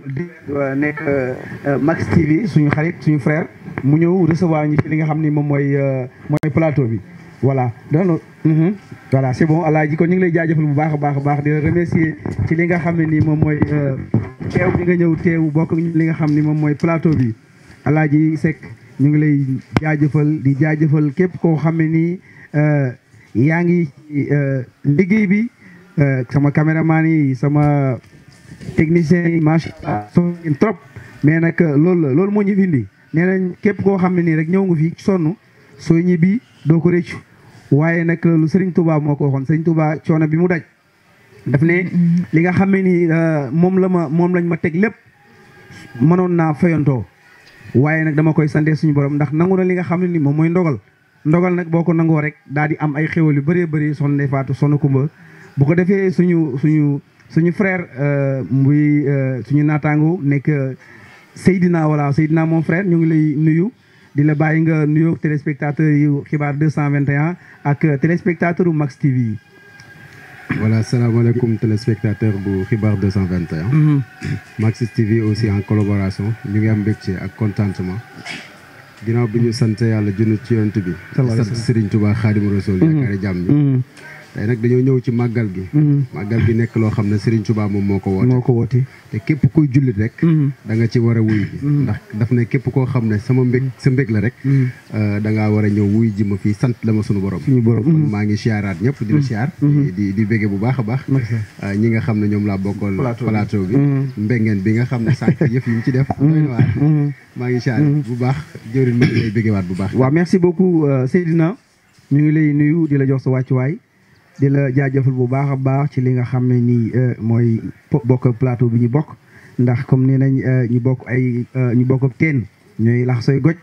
euh, nekk euh, Max TV suñu xarit suñu frère mu ñëw recevoir ñi li nga xam ne moom mooy euh, mooy plateau bi voilà donc mm-hmm. voilà c'est bon alaaji kon ñu ngi lay jaajëfal bu baax a baax a baax di remercier ci li nga xam ne nii moom mooy teew bi nga ñëw teew bokk li nga xam ni moom mooy plateau bi yi Seck ñu ngi lay jaajëfal di jaajëfal képp koo xam ne nii euh, yaa ngi euh, liggéey bi euh, sama caméraman yi sama technicien yi macha allah sonn trop mais nag loolu la loolu moo ñu fi indi képp koo xam ne nii rek ñëw nga fi sonn soo ñibbi doo ko rëccu waaye nag lu Serigne Touba moo ko waxoon Serigne Touba coono bi mu daj daf ne mm-hmm. li nga xam ne nii moom la ma moom lañ ma teg lépp mënoon naa fayantoo waaye nag dama koy sante suñu borom ndax nangu na li nga xam ne ni moom mooy ndogal ndogal nag boo ko nangoo rek daal di am ay xéwal yu bëree bëri son Ndeye Fatou son Kumba bu ko defee suñu suñu suñu frère euh, muy euh, suñu naataango nekk euh, Seydina voilà Seydina mon frère ñu ngi lay nuyu di la bàyyi nga nuyu téléspectateurs yu xibaar cent 221 ak téléspectateur u Max TV yi voilà Salam les téléspectateurs du xibaar 221. Maxis TV aussi en collaboration ñu ngi am mbégte ak contentement. nous bi ñu sant de jënd ci yonent bi. sant Serigne Touba Xaadimu Rasuul mhm. tey nag dañoo ñëw ci màggal gi mm-hmm. màggal gi nekk loo xam ne Serigne Touba moom moo ko woote moo ko woote te képp kuy jullit rek mm-hmm. danga ci war a wuy ji mm-hmm. ndax daf ne képp koo xam ne sama mbég sa mbég la rek euh, da ngaa war a ñëw wuy ji ma fii sant la ma suñu borom suñu borom maa ngi siyaaraat ñëpp di la siyaar di di bége bu baax a baax euh, ñi nga xam ne ñoom laa bokkal plateau bi mbengeen bi nga xam ne sànq yëf yi mu ci def maa ngi siyaar bu baax jëwriñ ma ngi lay bu baax waaw merci beaucoup euh, Seydina ñu ngi lay nuyu di la jox sa wàccuwaay di la jaajëfal bu baax a baax ci li nga xam ne nii euh, mooy bokk plateau bi ñu bokk ndax comme nee nañ euh, ñu bokk ay euh, ñu bokk teen ñooy lax sooy goj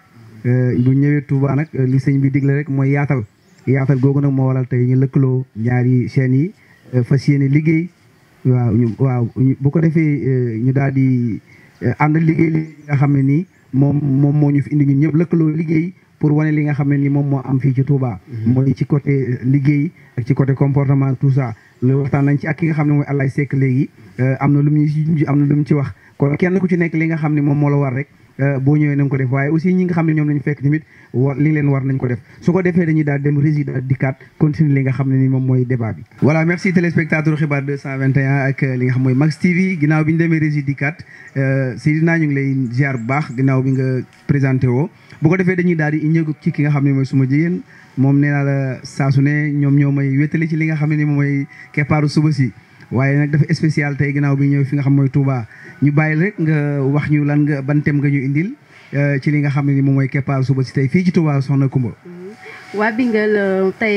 bu ñëwee Touba nag li sëñ bi digle rek mooy yaatal yaatal googu nag moo waral tey ñu lëkkaloo ñaari chaînes yi fas yéene liggéey waaw ñu waaw bu ko defee ñu daal di ànd liggéey li nga xam ne nii moom moom moo ñu fi indi ñun ñëpp lëkkaloo liggéey pour wane li nga xam ne ni moom moo am fii ci Touba. mooy mhm. ci côté euh, liggéey ak ci côté comportement tout ça lu waxtaan nañ ci ak ki nga xam ne mooy Alaay Seck léegi euh, am na lu mu ñu am na mu ci wax kon kenn ku ci nekk li nga xam ne moom moo la war rek euh, boo ñëwee nañ ko def waaye aussi nga xam ne ñoom lañu fekk tamit war leen war nañ ko def su ko defee dañuy daal dem résident dikkaat continuer li nga xam ne ni moom mooy débat bi voilà merci téléspectateur xibaar 221 ak li nga xam mooy Max TV ginnaaw bi ñu demee résident dikkaat Seydina ñu ngi lay ziar bu baax ginnaaw bi nga présenté woo bu ko defee dañuy daal di ñëw ci ki nga xam ne mooy suma jigéen moom nee naa la saa su ne ñoom ñoo may wéttali ci li nga xam ne ni moom mooy keppaaru suba si waaye nag dafa spécial tey ginnaaw bi ñëw fi nga xam mooy Touba ñu bàyyi rek nga wax ñu lan nga ban thème nga ñu indil euh, ci li nga xam ne ni moom mooy keppaaru suba si tey fii ci Touba soxna Kumba waa Binguel eh, tay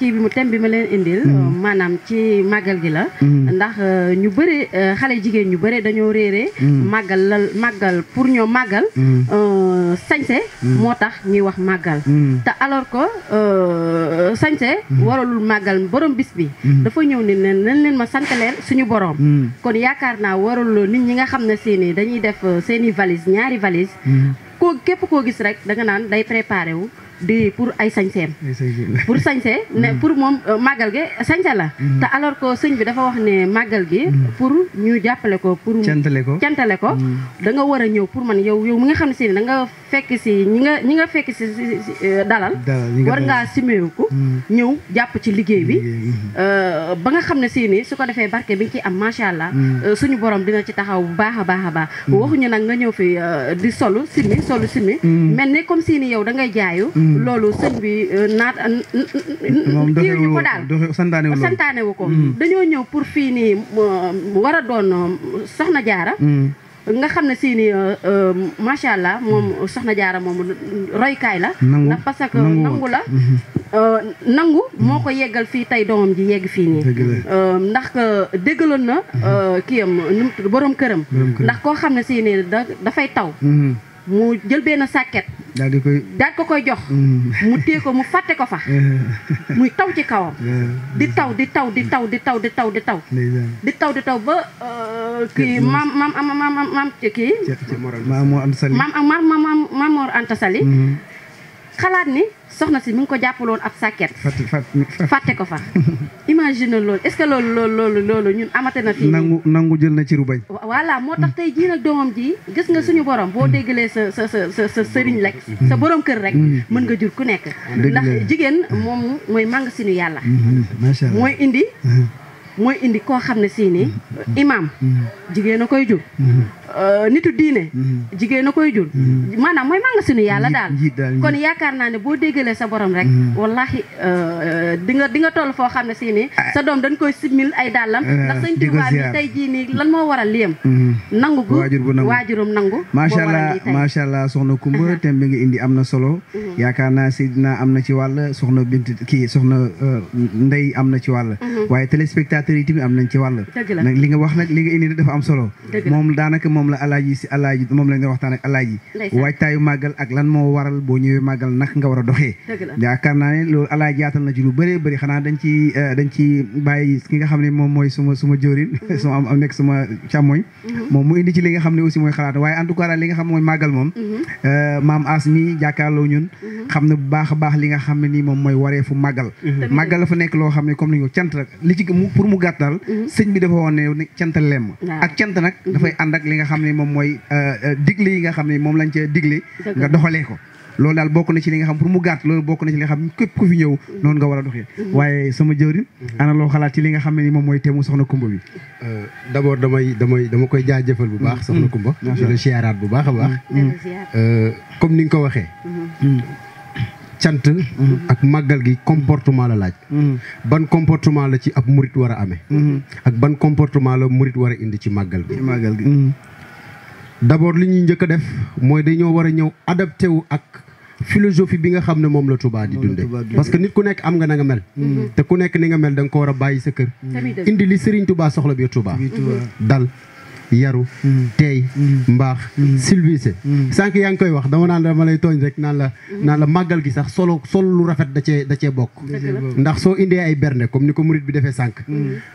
ki bi mu tem bi ma len indil. manam hmm. eh, ci magal gi la. Hmm. ndax eh, ñu bëré xalé jigeen ñu bëré sanse réré magal hmm. magal pour ñoo magal euh sañté motax ñi wax magal ta alors euh sañté waralul magal borom bis bi. dafa ñew ni nañ leen ma sante leen suñu borom. kon yaakaar naa warul nit ñi nga xamne seeni dañuy def seeni valise ñaari valise. ko kep ko gis rek da nga nan day préparer wu. di pour ay sañseem pour sañse ne mm. pour moom euh, màggal gi sañse la mm. te alors que sëñ bi dafa wax ne màggal gi mm. pour ñu jàppale ko pour cantale ko cantale ko da nga war a ñëw pour man yow yow mi nga xam ne si da nga fekk si ñi nga ñi nga fekk si euh, dalal war ngaa ko ñëw jàpp ci liggéey bi mm-hmm. euh, ba nga xam ne si ni su ko defee barke bi nga ciy am macha allah suñu borom dina ci taxaw bu baax a baax a baax waxuñu nag nga ñëw fi di solu simi solu simi mel ni comme si yow da ngay jaayu Hmm. loolu sëñ bi euh, naat euh, euh, kiiwu ko daal santaane wu ko hmm. dañoo ñëw pour fii nii war a doon soxna jaara hmm. nga xam ne sii ni macha allah moom sax na jaara moom roykaay la ndax parce que nangu la nangu moo ko yeggal fii tey doomam ji yegg fii nii ndax déggaloon na kii kiyam borom këram ndax koo xam ne si ni dafay taw mu jël benn sàkket daal di koy daal ko koy jox mm. mu téye ko mu fàtte ko fa muy taw ci kawam di taw di taw di taw di taw di taw di taw di taw di taw ba euh, kii maam maam am maam am maam kii maam maam maam maam Mor Anta Sali mm-hmm. xalaat ni soxna si mu ngi ko jàppaloon ab sàkket fàtte ko fa imagine loolu est-ce que loolu loolu loolu ñun amate na fii nangu nangu jël na ci ru bañ voilà moo tax tey jii nag doomam ji gis nga suñu borom boo mm. déggalee sa sa sa sa sa sëriñ rek mm. sa borom kër rek mm. mën nga jur ku nekk ndax jigéen moom mooy màng sinu yàlla mm-hmm. mooy indi mm-hmm. mooy indi koo xam ne sii nii mm-hmm. imaam jigéen a koy jur Eh, nitu diine hmm. jigéen no koy jur hmm. manam moy mang suñu yalla dal kon yaakar na ne bo deggele sa borom rek hmm. wallahi eh, di nga di nga toll fo xamne ne si ni ah. sa dom dañ koy simil ay dalam eh, ndax señ Tuubaa bi tay ji ni lan mo waral liyam nangu gu nangu allah soxna Kumba nga indi amna solo yaakar na sidina amna ci wal soxna bint ki soxna ndey amna ci wal waye telespectateur yi tim amna ci wal nak li nga wax nak li nga indi dafa am solo mom danaka moom la alaaji si alaaji moom lañ doon waxtaan ak alaaji waajtaayu màggal ak lan moo waral boo ñëwee màggal nag nga war a doxee yaakaar naa ne loolu alaaji yaatal na ci lu bëree bëri xanaa dañ ci eh, bàyyi ki nga xam ne moom mooy suma suma mm-hmm. suma am nekk suma càmmoñ mm-hmm. moom mu indi ci li nga xam ne aussi mooy xalaat waaye en tout cas daal li nga xam mooy màggal moom mm-hmm. eh, maam as mi jàkkaarloo ñun xam ne bu baax a baax li nga xam ne nii moom mooy wareefu màggal màggal dafa nekk loo xam ne comme ni ñu cant rek li ci pour mu gàttal sëñ bi dafa woon ne cant lemm ak cant nag dafay ànd ak xam ne moom mooy euh, euh, digle yi nga xam ne moom lañ ca digle nga doxalee ko loolu daal bokk na ci li nga xam pour mu gàtt loolu bokk na ci li nga xam képp ku fi ñëw mm-hmm. noonu nga war a doxee mm-hmm. waaye sama jëwriñ mm-hmm. ana loo xalaat ci li nga xam ne ni moom mooy teemu soxna Kumba bi euh, d' abord damay damay dama koy jaajëfal bu baax soxna Kumba di la siyaaraat bu baax a baax comme ni nga ko waxee cant ak màggal gi comportement la laaj ban comportement la ci ab murit war a amee ak ban comportement la murit war a indi ci màggal gi d'abord li ñuy njëkk def mooy dañoo war a ñëw adapté wu ak philosophie bi nga xam ne moom la Touba di dundee parce que nit ku nekk am nga nanga nga mel mhm. te ku nekk ni nga mel da nga ko war a bàyyi sa kër indi li Serigne Touba soxla bi Touba dal yaru mm. teey mm. mbaax mm. silvise sànq yaa ngi koy wax dama naan la ma lay tooñ rek naan la naan màggal gi sax solo sol lu rafet da cee da bokk ndax soo indee ay berne comme ni ko murit bi defee sànq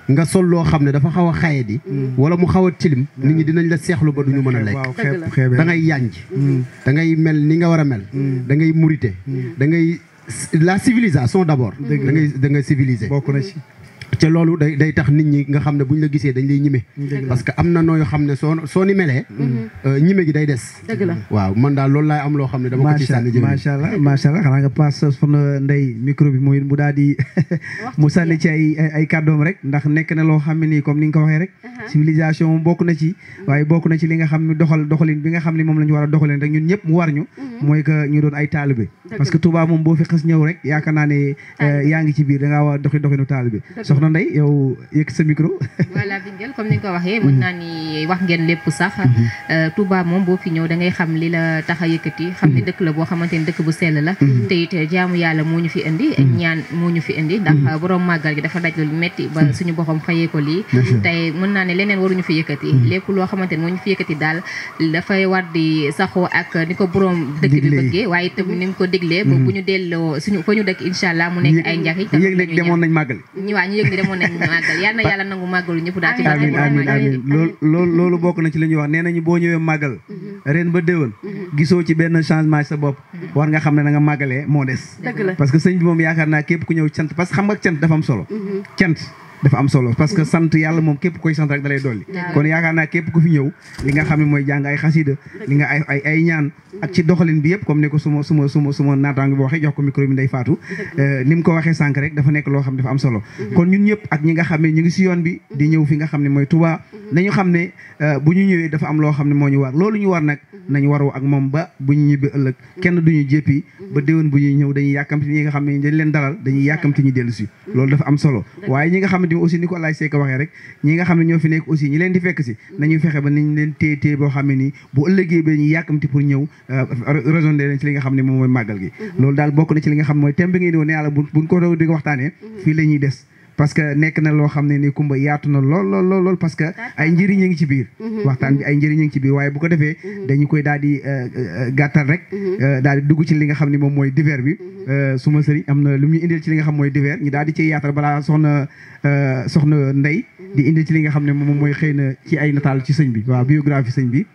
nga sol loo xam ne dafa xaw a xaye di wala mu xaw a tilim nit ñi dinañ la seexlu ba duñu mën a lekk da ngay yànj da ngay mel ni nga war a mel da ngay murite da ngay la civilisation d'abord da ngay da ngay civilisé bokk na ci te loolu day day tax nit ñi nga xam ne bu ñu la gisee dañ lay ñime parce que am na nooyu xam ne soo soo ni melee mm-hmm. Mm-hmm. Euh, ñime gi day des dëgg la waaw man daal loolu laay am loo xam ne dama ko ci sànni jëm la allah macha allah xanaa mu daal di mu sànni ci ay ay kàddoom rek ndax nekk na loo xam ne nii comme ni nga ko waxee rek uh-huh. civilisation bokk na ci mm-hmm. waaye bokk na ci li nga xam ne doxal doxalin bi nga xam ne moom la ñu war a doxalin rek ñun ñëpp mu war ñu mooy que ñu doon ay taalibe parce que Touba moom boo fi xas ñëw rek yaakaar naa ne euh, yaa ngi ci biir da ngaa war a doxi doxinu taalibe soxna Ndeye yow yëkk ni ko waxee. mën naa ni wax ngeen lépp sax. Mhm. Euh, Touba moom boo fi ñëw da ngay xam li la tax a yëkkati. xam ni mhm. dëkk la boo xamante ni dëkk bu sell la. Mhm. te it jaamu yàlla moo ñu fi indi. ñaan moo ñu fi indi. ndax borom màggal gi dafa daj lu metti ba suñu boxam fayee ko lii. tey mën naa ne leneen waruñu fi yëkkati. lépp loo xamante ni moo ñu fi yëkkati daal dafay war di saxoo ak ni ko borom dëkk bi bëggee waaye itam ni mu ko déglee. bu ñu delloo suñu fa ñu dëkk incha mu nekk ay njax ñu yëg demoon nañ màggal. waaw ñu yëg bi demoon nañ ñu màggal ñëpp daal ci amiin amiin amiin loolu bokk na ci li ñuy wax nee nañu boo ñëwee màggal mhm. ren ba déwén mhm. gisoo ci benn changement sa bopp mhm. war nga xam ne na nga màggalee moo des parce que sëñ bi moom yaakaar naa képp ku ñëw cant parce que xam nga cant dafa am solo cant dafa am solo parce que sant yalla mom kep koy sant rek dalay doli kon yaakaar naa képp ku fi ñew li nga xamni moy jang ay xasida li nga ay ay ay ñaan ak ci doxalin bi yep comme ne ko suma suma suma suma natang bi waxe jox ko micro bi ndey fatou euh nim ko waxe sank rek dafa nek lo xamni dafa am solo kon ñun ñep ak ñi nga xamni ñi ngi ci yoon bi di ñew fi nga xamni moy Touba nañu xamne euh, bu ñu ñewé dafa am lo xamni mo ñu war lolu ñu war nak nañu waro ak mom ba bu ñu ñibi ëlëk kenn duñu jéppi ba deewon bu ñu ñew dañuy yakamti ñi nga xamni dañ leen dalal dañuy yakamti ñi dafa am solo waye ñi nga xamante aussi ni ko Alaaj Seck waxee rek ñi nga xam ne ñoo fi nekk aussi ñi leen di fekk si nañuy fexe ba nañ leen téye téye boo xam ne nii ëllëgee ba ñu yàkkamti pour ñëw euh, raisonné leen ci li nga xam ne moom mooy màggal gi mhm. loolu daal bokk na ci li nga xam mooy thème bi ngeen di woon ne yàlla buñ ko doon di waxtaanee mhm. fii la des parce que nekk na loo xam ne ni kumba yaatu na lool lool parce que ay njëriñ a ngi ci biir mhm. waxtaan bi ay njëriñ a ngi ci biir waaye bu ko defee mhm. dañu koy daal di euh, euh, gàttal rek mhm. euh, daal di dugg ci li nga xam ne moom mooy divers bi suma sëriñ am na lu mu ñu indil ci li nga xam mooy divers ñi daal di yaatal balaa soxna soxna ndey di indi ci li nga xam ne moom mooy xëy na ci ay nataal ci sëñ bi waaw biographie sëñ bi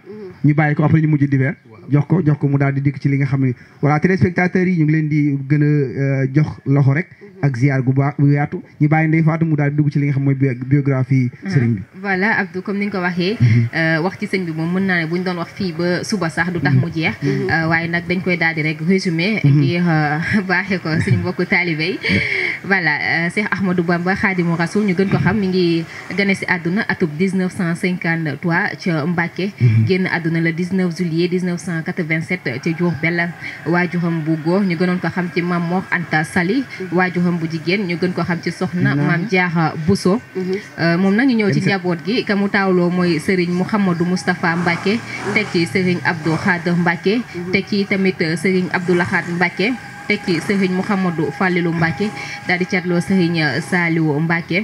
ñu bàyyi ko après ñu mujj divers jox ko jox ko mu daal di dikk ci li nga xam ne voilà téléspectateurs yi ñu ngi leen di gën a euh, jox loxo rek mhm. ak ziar gu baax bu yaatu ñu bàyyi Ndeye Fatou mu daal di dugg ci li nga xam mooy biographie ah, sëriñ bi voilà Abdou comme ni nga ko waxee mhm. euh, wax ci sëñ bi moom mën naa ne bu ñu doon wax fii ba suba sax du tax mu mhm. jeex euh, waaye nag dañ koy daal di rek résumé ngir baaxee ko suñu mbokk taalibe yi voilà euh, Cheikh Ahmadou ba Khadimou Rassoul ñu gën ko xam mi ngi gane si àdduna atub 1953 ca Mbacke mhm. génn àdduna la 19 juillet 1987 ca Diourbel waajuram bu góor ñu gënoon ko xam ci Mame Mor Anta Sali mhm. waajuram bu jigéen ñu gën ko xam ci soxna Mame Diarra Bousso mhm. euh, moom nag ñëw ci njaboot gi ka mu taawloo mooy Serigne Mouhamadou Moustapha Mbacke teg ci Serigne Abdou Khader Mbacke teg ci tamit euh, Serigne Abdou Lahad Mbacke tekki sëriñ Mouhamadou Fallilou Mbacke daal di catloo sëriñ Saliou Mbacke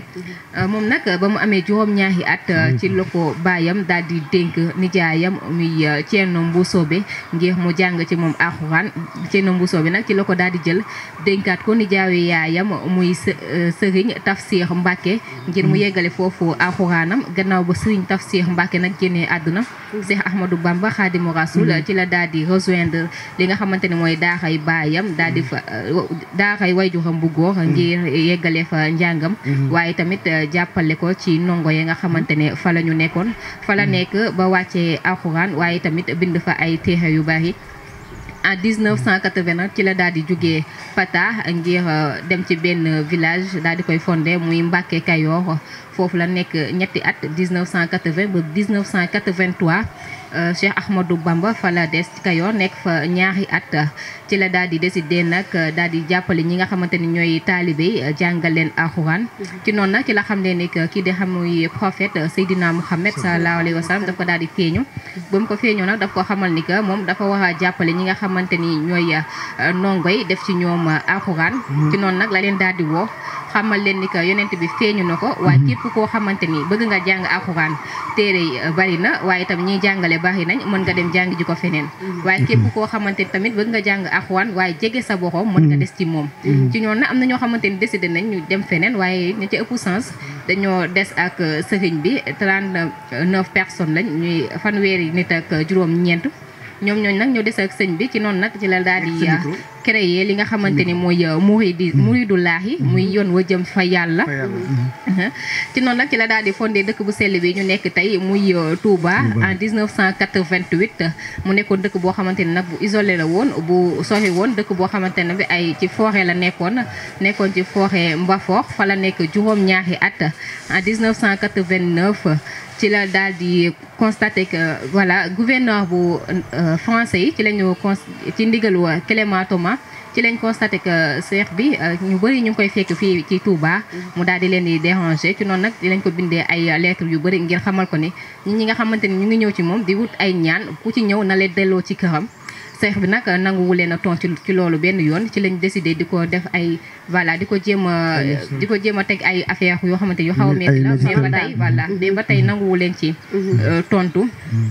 euh, moom nag ba mu amee juróom-ñaari at euh, ci la ko baayam daal di dénk nijaayam muy euh, Thierno Mbousobé ngir mu jàng ci moom alxuraan Thierno Mbousobé nag ci la ko daal di jël dénkaat ko nijaayu yaayam muy sëriñ Tafsir Mbacke ngir mu yeggale foofu alxuraanam gannaaw ba sëriñ Tafsir Mbacke nag génnee àdduna Cheikh Ahmadou Bamba Khadimou Rasoul mm-hmm. ci la daal di rejoindre li nga xamante ne mooy daaray baayam daal di fa euh, daaray bu góor mm. ngir yeggale fa njàngam mm-hmm. waaye tamit euh, jàppale ko ci ndongo yi nga xamante ne fa la ñu nekkoon fa la mm. nekk ba wàccee alxuraan waaye tamit bind fa ay téere yu bari en 1989 ci la daal di jógee Fata ngir euh, dem ci benn village daal di koy fonde muy Mbàkke Kayoor foofu la nekk ñetti at 1980 ba 1983 Cheikh Ahmadou Bamba fa la des Kayoor nekk fa ñaari at ci la daal di décider nag euh, daal di jàppale ñi nga xamante ni ñooy taalibe euh, jàngal leen alxuraan mhm. ci noonu nag ci la xam ne ni kii di xamuy prophète euh, Seydina Mouhamed sallallahu alayhi wa sallam daf ko daal di feeñu ba mu ko feeñoo nag daf ko xamal ni que moom dafa war a ñi nga xamante ni ñooy ndongoy def ci ñoom alxuraan mhm. ci noonu nag la leen daal di woo xamal leen ni que yonent bi feeñu na ko waaye mhm. képp koo xamante ni bëgg nga jàng alxuraan téere yi bari na waaye itam ñiy jàngale baax yi nañ mën dem jàng ko feneen waaye képp koo xamante ni tamit bëgg nga jàng axwaan waaye jege sa borom mën nga mm. des ci moom mm. ci ñoon na am na ñoo xamante ni décidé nañ ñu dem feneen waaye ña ci ëpp sens dañoo des ak sëriñ bi trente neuf personnes lañ ñuy fanweeri nit ak juróom ñeent ñoom ñooñu nag ñoo des ak sëñ bi ci noonu nag ci la daal di créé li nga xamante ni mooy euh, muridi mm-hmm. muridulaahi mm-hmm. muy yoon wa jëm fa yàlla uh-huh. mm-hmm. ci noonu nag ci la daal di fondé dëkk bu sell bi ñu nekk tey muy euh, Touba en 1988 mu nekkoon dëkk boo xamante ne nag bu isolé la woon bu soxi woon dëkk boo xamante ne bi ay ci fooxe la nekkoon nekkoon ci forêt Mbafor fa la nekk juróom-ñaari at en 1989 ci la daal di constaté que voilà gouverneur bu euh, français yi ci la ñu ci ndigalu Clément Thomas ci lañ constaté que seex bi euh, ñu bëri ñu ngi koy fekk fii ci Touba. mu daal di leen di déranger ci noonu nag di lañ ko bindee ay lettres yu bëri ngir xamal ko ni ñi nga xamante ni ñu ngi ñëw ci moom di wut ay ñaan ku ci ñëw na leen delloo ci këram. seex bi nag nanguwu leen a tontu ci loolu benn yoon ci lañ décidé di ko def ay voilà di ko jéem a di ko jéem a teg ay affaire yoo xamante yu xaw a metti la ba tey voilà mm-hmm. mais ba tey nanguwu leen ci mm-hmm. euh, tontu mm-hmm.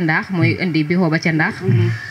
candax mooy mm. indi bi ca candax mm-hmm.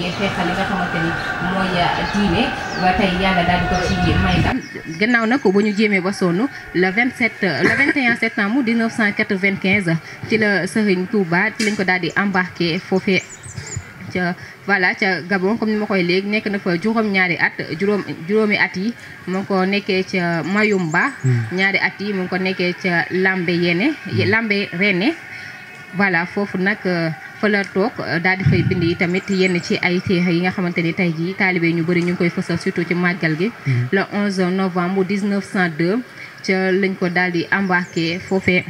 gannaaw nag bu ñu jéemee ba sonn le 27 le 21 septembre 1995 ci la Serigne Touba ci lañ ko daal di embarqué foofee ca voilà ca Gabon comme ni ma koy léegi nekk na fa juróom-ñaari at juróom juróomi at yi mu ngi ko nekkee ca Mayumba. Hmm. ñaari at yi mu ngi ko nekkee ca Lambe Yene Lambe Rene voilà foofu nag. fa la toog daal di fay bind yi tamit yenn ci ay téex yi nga xamante ni tey jii taalibe ñu bëri ñu ngi koy fësal surtout ci màggal gi mm-hmm. le 11 novembre 1902 ca lañ ko daal di embarqué foofee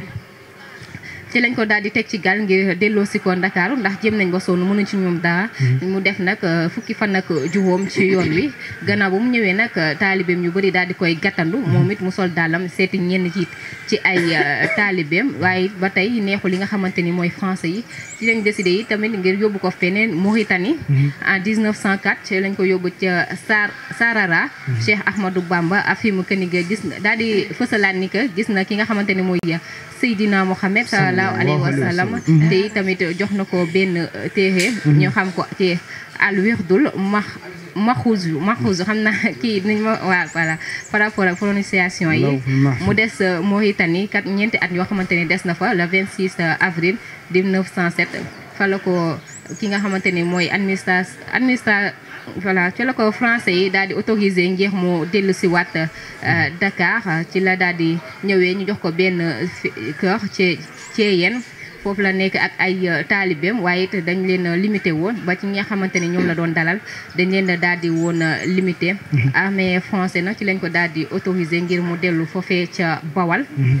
ci lañ ko daldi di ci gal ngir ci ko Dakar ndax jëm nañ ba sonu mënu ci ñoom daa mhm. mu def nak euh, fukki fan nak juwom ci yoon wi gëna bu mu ñëwé nak euh, talibem ñu bari daldi di koy gàttandu mhm. momit mu sol dalam séti ñen ci ci ay euh, talibem waye ba tay neexu li nga xamanteni moy français yi ci lañ décidé yi tamit ngir yobbu ko fenen Mauritanie mhm. en 1904 ci lañ ko yobbu ci Sarara Cheikh Ahmadou Bamba afimu kenige gis daal di fësalaat ni gis na ki nga xamanteni moy Sayidina Mohamed sallallahu alayhi wa sallam te tamit jox uh, mhm. al wirdul ma voilà par rapport uh, kat le 26 uh, avril 1907 fa la ki nga xamanteni voilà ci la ko français yi daal di autorisé njeex mu dellu si waat euh, Dakar ci la daal di ñëwee ñu jox ko benn euh, kër ci Thiéyène foofu la nekk ak ay euh, taalibeem waaye it dañ leen limité woon ba ci nga xamante ne ñoom la doon dalal dañ leen daal di woon limité mhm. armée français nag ci lañ ko daal di autoriser ngir mu dellu foofee ca Bawal mhm.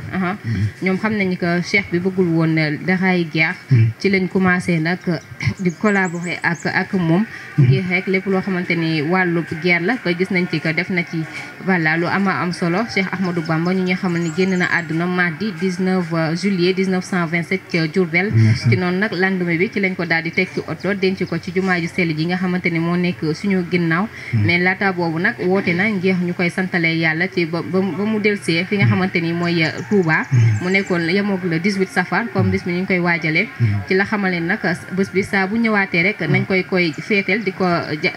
ñoom xam nañu que chef bi bëggul woon daraay geex hmm. ci lañ commencé nag di collaborer ak ak moom hmm. ngir rek lépp loo xamante ni wàllu guerre la ba gis nañ ci que def na ci voilà lu ama am solo Cheikh Ahmadou Bamba ñu nga xamal ni génn na àdduna mardi 19 euh, euh, ci noonu nag lendemain bi ci lañ ko daal di tekki oto denc ko ci jumaa ju sell ji nga xamante ne moo nekk suñu ginnaaw hmm. mais laata boobu nag woote na ngeex ñu koy santalee yàlla ci ba ba mu delsee fi nga hmm. xamante ni mooy euh, Touba hmm. mu nekkoon yemoog le 18 safar comme bis bi ñu ngi koy waajalee ci la xamal ne nag bés bi saa bu ñëwaatee rek nañ koy koy feeteel di ko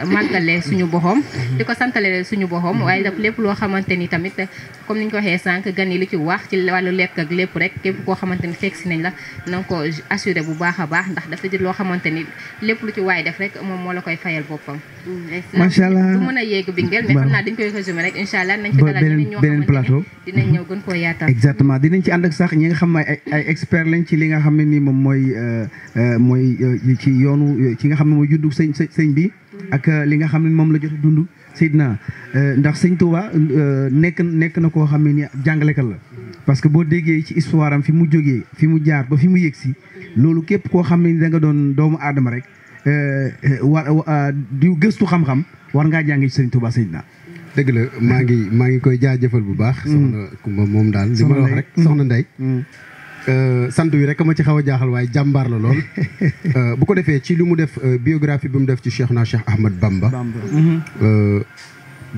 màggale suñu boxoom di ko santalee suñu boxoom waaye lépp loo xamante ni tamit comme ni ñu ko waxee sànq gan yi lu ci waax ci wàllu lekk ak lépp rek képp koo xamante ni fekk si nañ la na nga ko bu baax a baax ndax dafa di loo xamante ni lépp lu ci waay def rek moom moo la koy fayal boppam. Mm, macha allah du mën a yegg bi ngeen mais xam naa dañ koy résumé rek incha allah nañ fi dalal ñeneen ñoo xamante ni dinañ ñëw gën koo yaatal. exactement dinañ ci ànd ak sax ñi nga xam ay ay expert lañ ci li nga xam ne nii moom mooy euh, euh, mooy euh, ci yoonu ci nga xam ne mooy juddu sëñ sëñ bi mm. ak li nga xam ne moom la jot a dund Seydina euh, ndax sëñ Touba euh, nekk nekk na koo xam ne ni jàngalekat la parce que boo déggee ci histoire am fi mu jógee fi mu jaar ba fi mu yëg si loolu képp koo xam ne ni danga doon doomu aadama rek euh, war di gëstu xam-xam war ngaa jàngee ci sëñ Touba Seydina. dëgg la maa ngi maa ngi koy jaajëfal bu baax. Mm. soxna Kumba moom daal li ma wax rek soxna mm. Ndeye. Mm. Euh, sant wi rek ma ci xaw a jaaxal waaye jàmbaar la lool euh, bu ko defee ci li mu def euh, biographie bi mu def ci Cheikh naa Cheikh Ahmad Bamba mhm.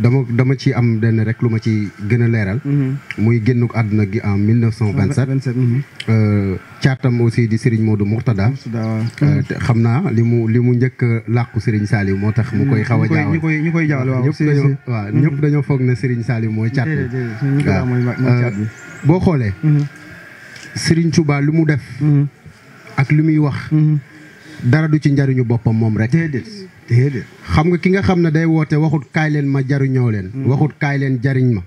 dama dama ci am benn rek lu ma ci gën a leeral mhm. muy génn génnuk àdduna gi en 1927 mhm. caatam aussi di Serigne Modou Mourtada xam naa li mu li mu njëkk làqu Serigne Saliou moo tax mu koy xaw a jaawal ñu koy jaawal waaw ñëpp dañoo foog ne Serigne Saliou mooy caat bi boo xoolee Serigne Touba lu mu def. Mm-hmm. ak lu muy wax. Mm-hmm. dara du ci njariñu bopam mom rek. déedéet déedéet. xam nga ki nga xam day wote waxut kaay leen ma ñow leen. Mm-hmm. waxut kaay leen jariñ ma.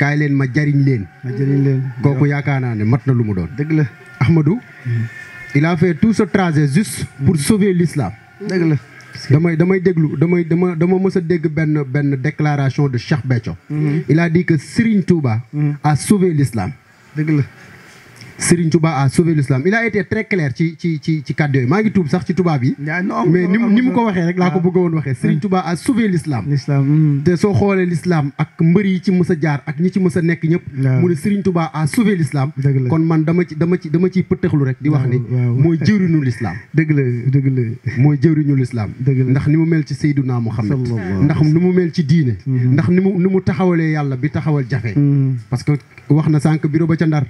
kaay leen ma jariñ leen. ma jariñ leen kooku yaakaar naa ne mat lu mu doon. deug la Ahmadou. il a fait tout ce trajet juste pour sauver l'islam. deug la. damay damay déglu damay dama dama mësa a dégg ben benn déclaration de Cheikh Béthio. il a dit que Serigne Touba. a sauvé l'islam. deug la. Serigne Touba a sauvé l'islam il a été très clair ci ci ci ci kàddu yooyu maa ngi tuub sax ci tubaab yi mais ni mu ko waxee rek laa ko ah. bëggoon waxee Serigne ah. Touba a sauvé hmm. te soo xoolee lislaam ak mbër yi ci mës a jaar ak ñi ci mës a nekk ñëpp mu ne Serigne Touba a sauvé l'islam kon man dama ci dama ci dama ciy pëttaxlu rek di wax ni mooy jëwriñu l'islam dëgg la dëgg la mooy jëwriñu l'islam ndax ni mu mel ci Seydouna Muhammad ndax ni mu mel ci diine hmm. ndax ni mu ni mu taxawalee yàlla bi taxawal jafe hmm. parce que wax na sànq bureau ba ca Ndar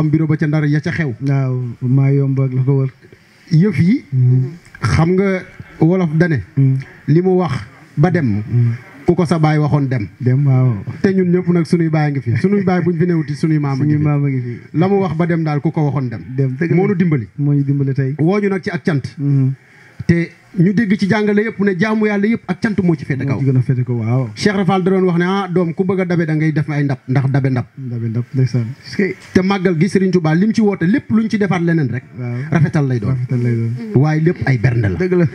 xam bureau ba ca ndar ya ca xew. waaw maa la ko wër. yëf yi. Mm-hmm. xam nga wolof dane mm-hmm. li mu wax ba dem. Mm-hmm. ku ko sa baay waxoon dem. dem waaw. te ñun ñëpp nag suñuy baay ngi fi suñuy baay buñ fi newuti suñuy maam ngi fi la mu wax ba dem daal ku ko waxoon dem. dem moo nu dimbali. moo ñu dimbali tey. woo ñu nag ci ak cant. te ñu dégg ci jàngale yëpp ne jaamu yàlla yëpp ak cant moo ci féete kaw. moo ci gën a féete Rafal da doon wax ne ah doom ku bëgg dabe da ngay def ay ndab ndax dabe ndab. dabe ndab ndeysaan. te màggal gi Serigne Touba lim ci woote lépp luñ ci defaat leneen rek. rafetal lay doon rafetal waaye lépp ay bernde la la.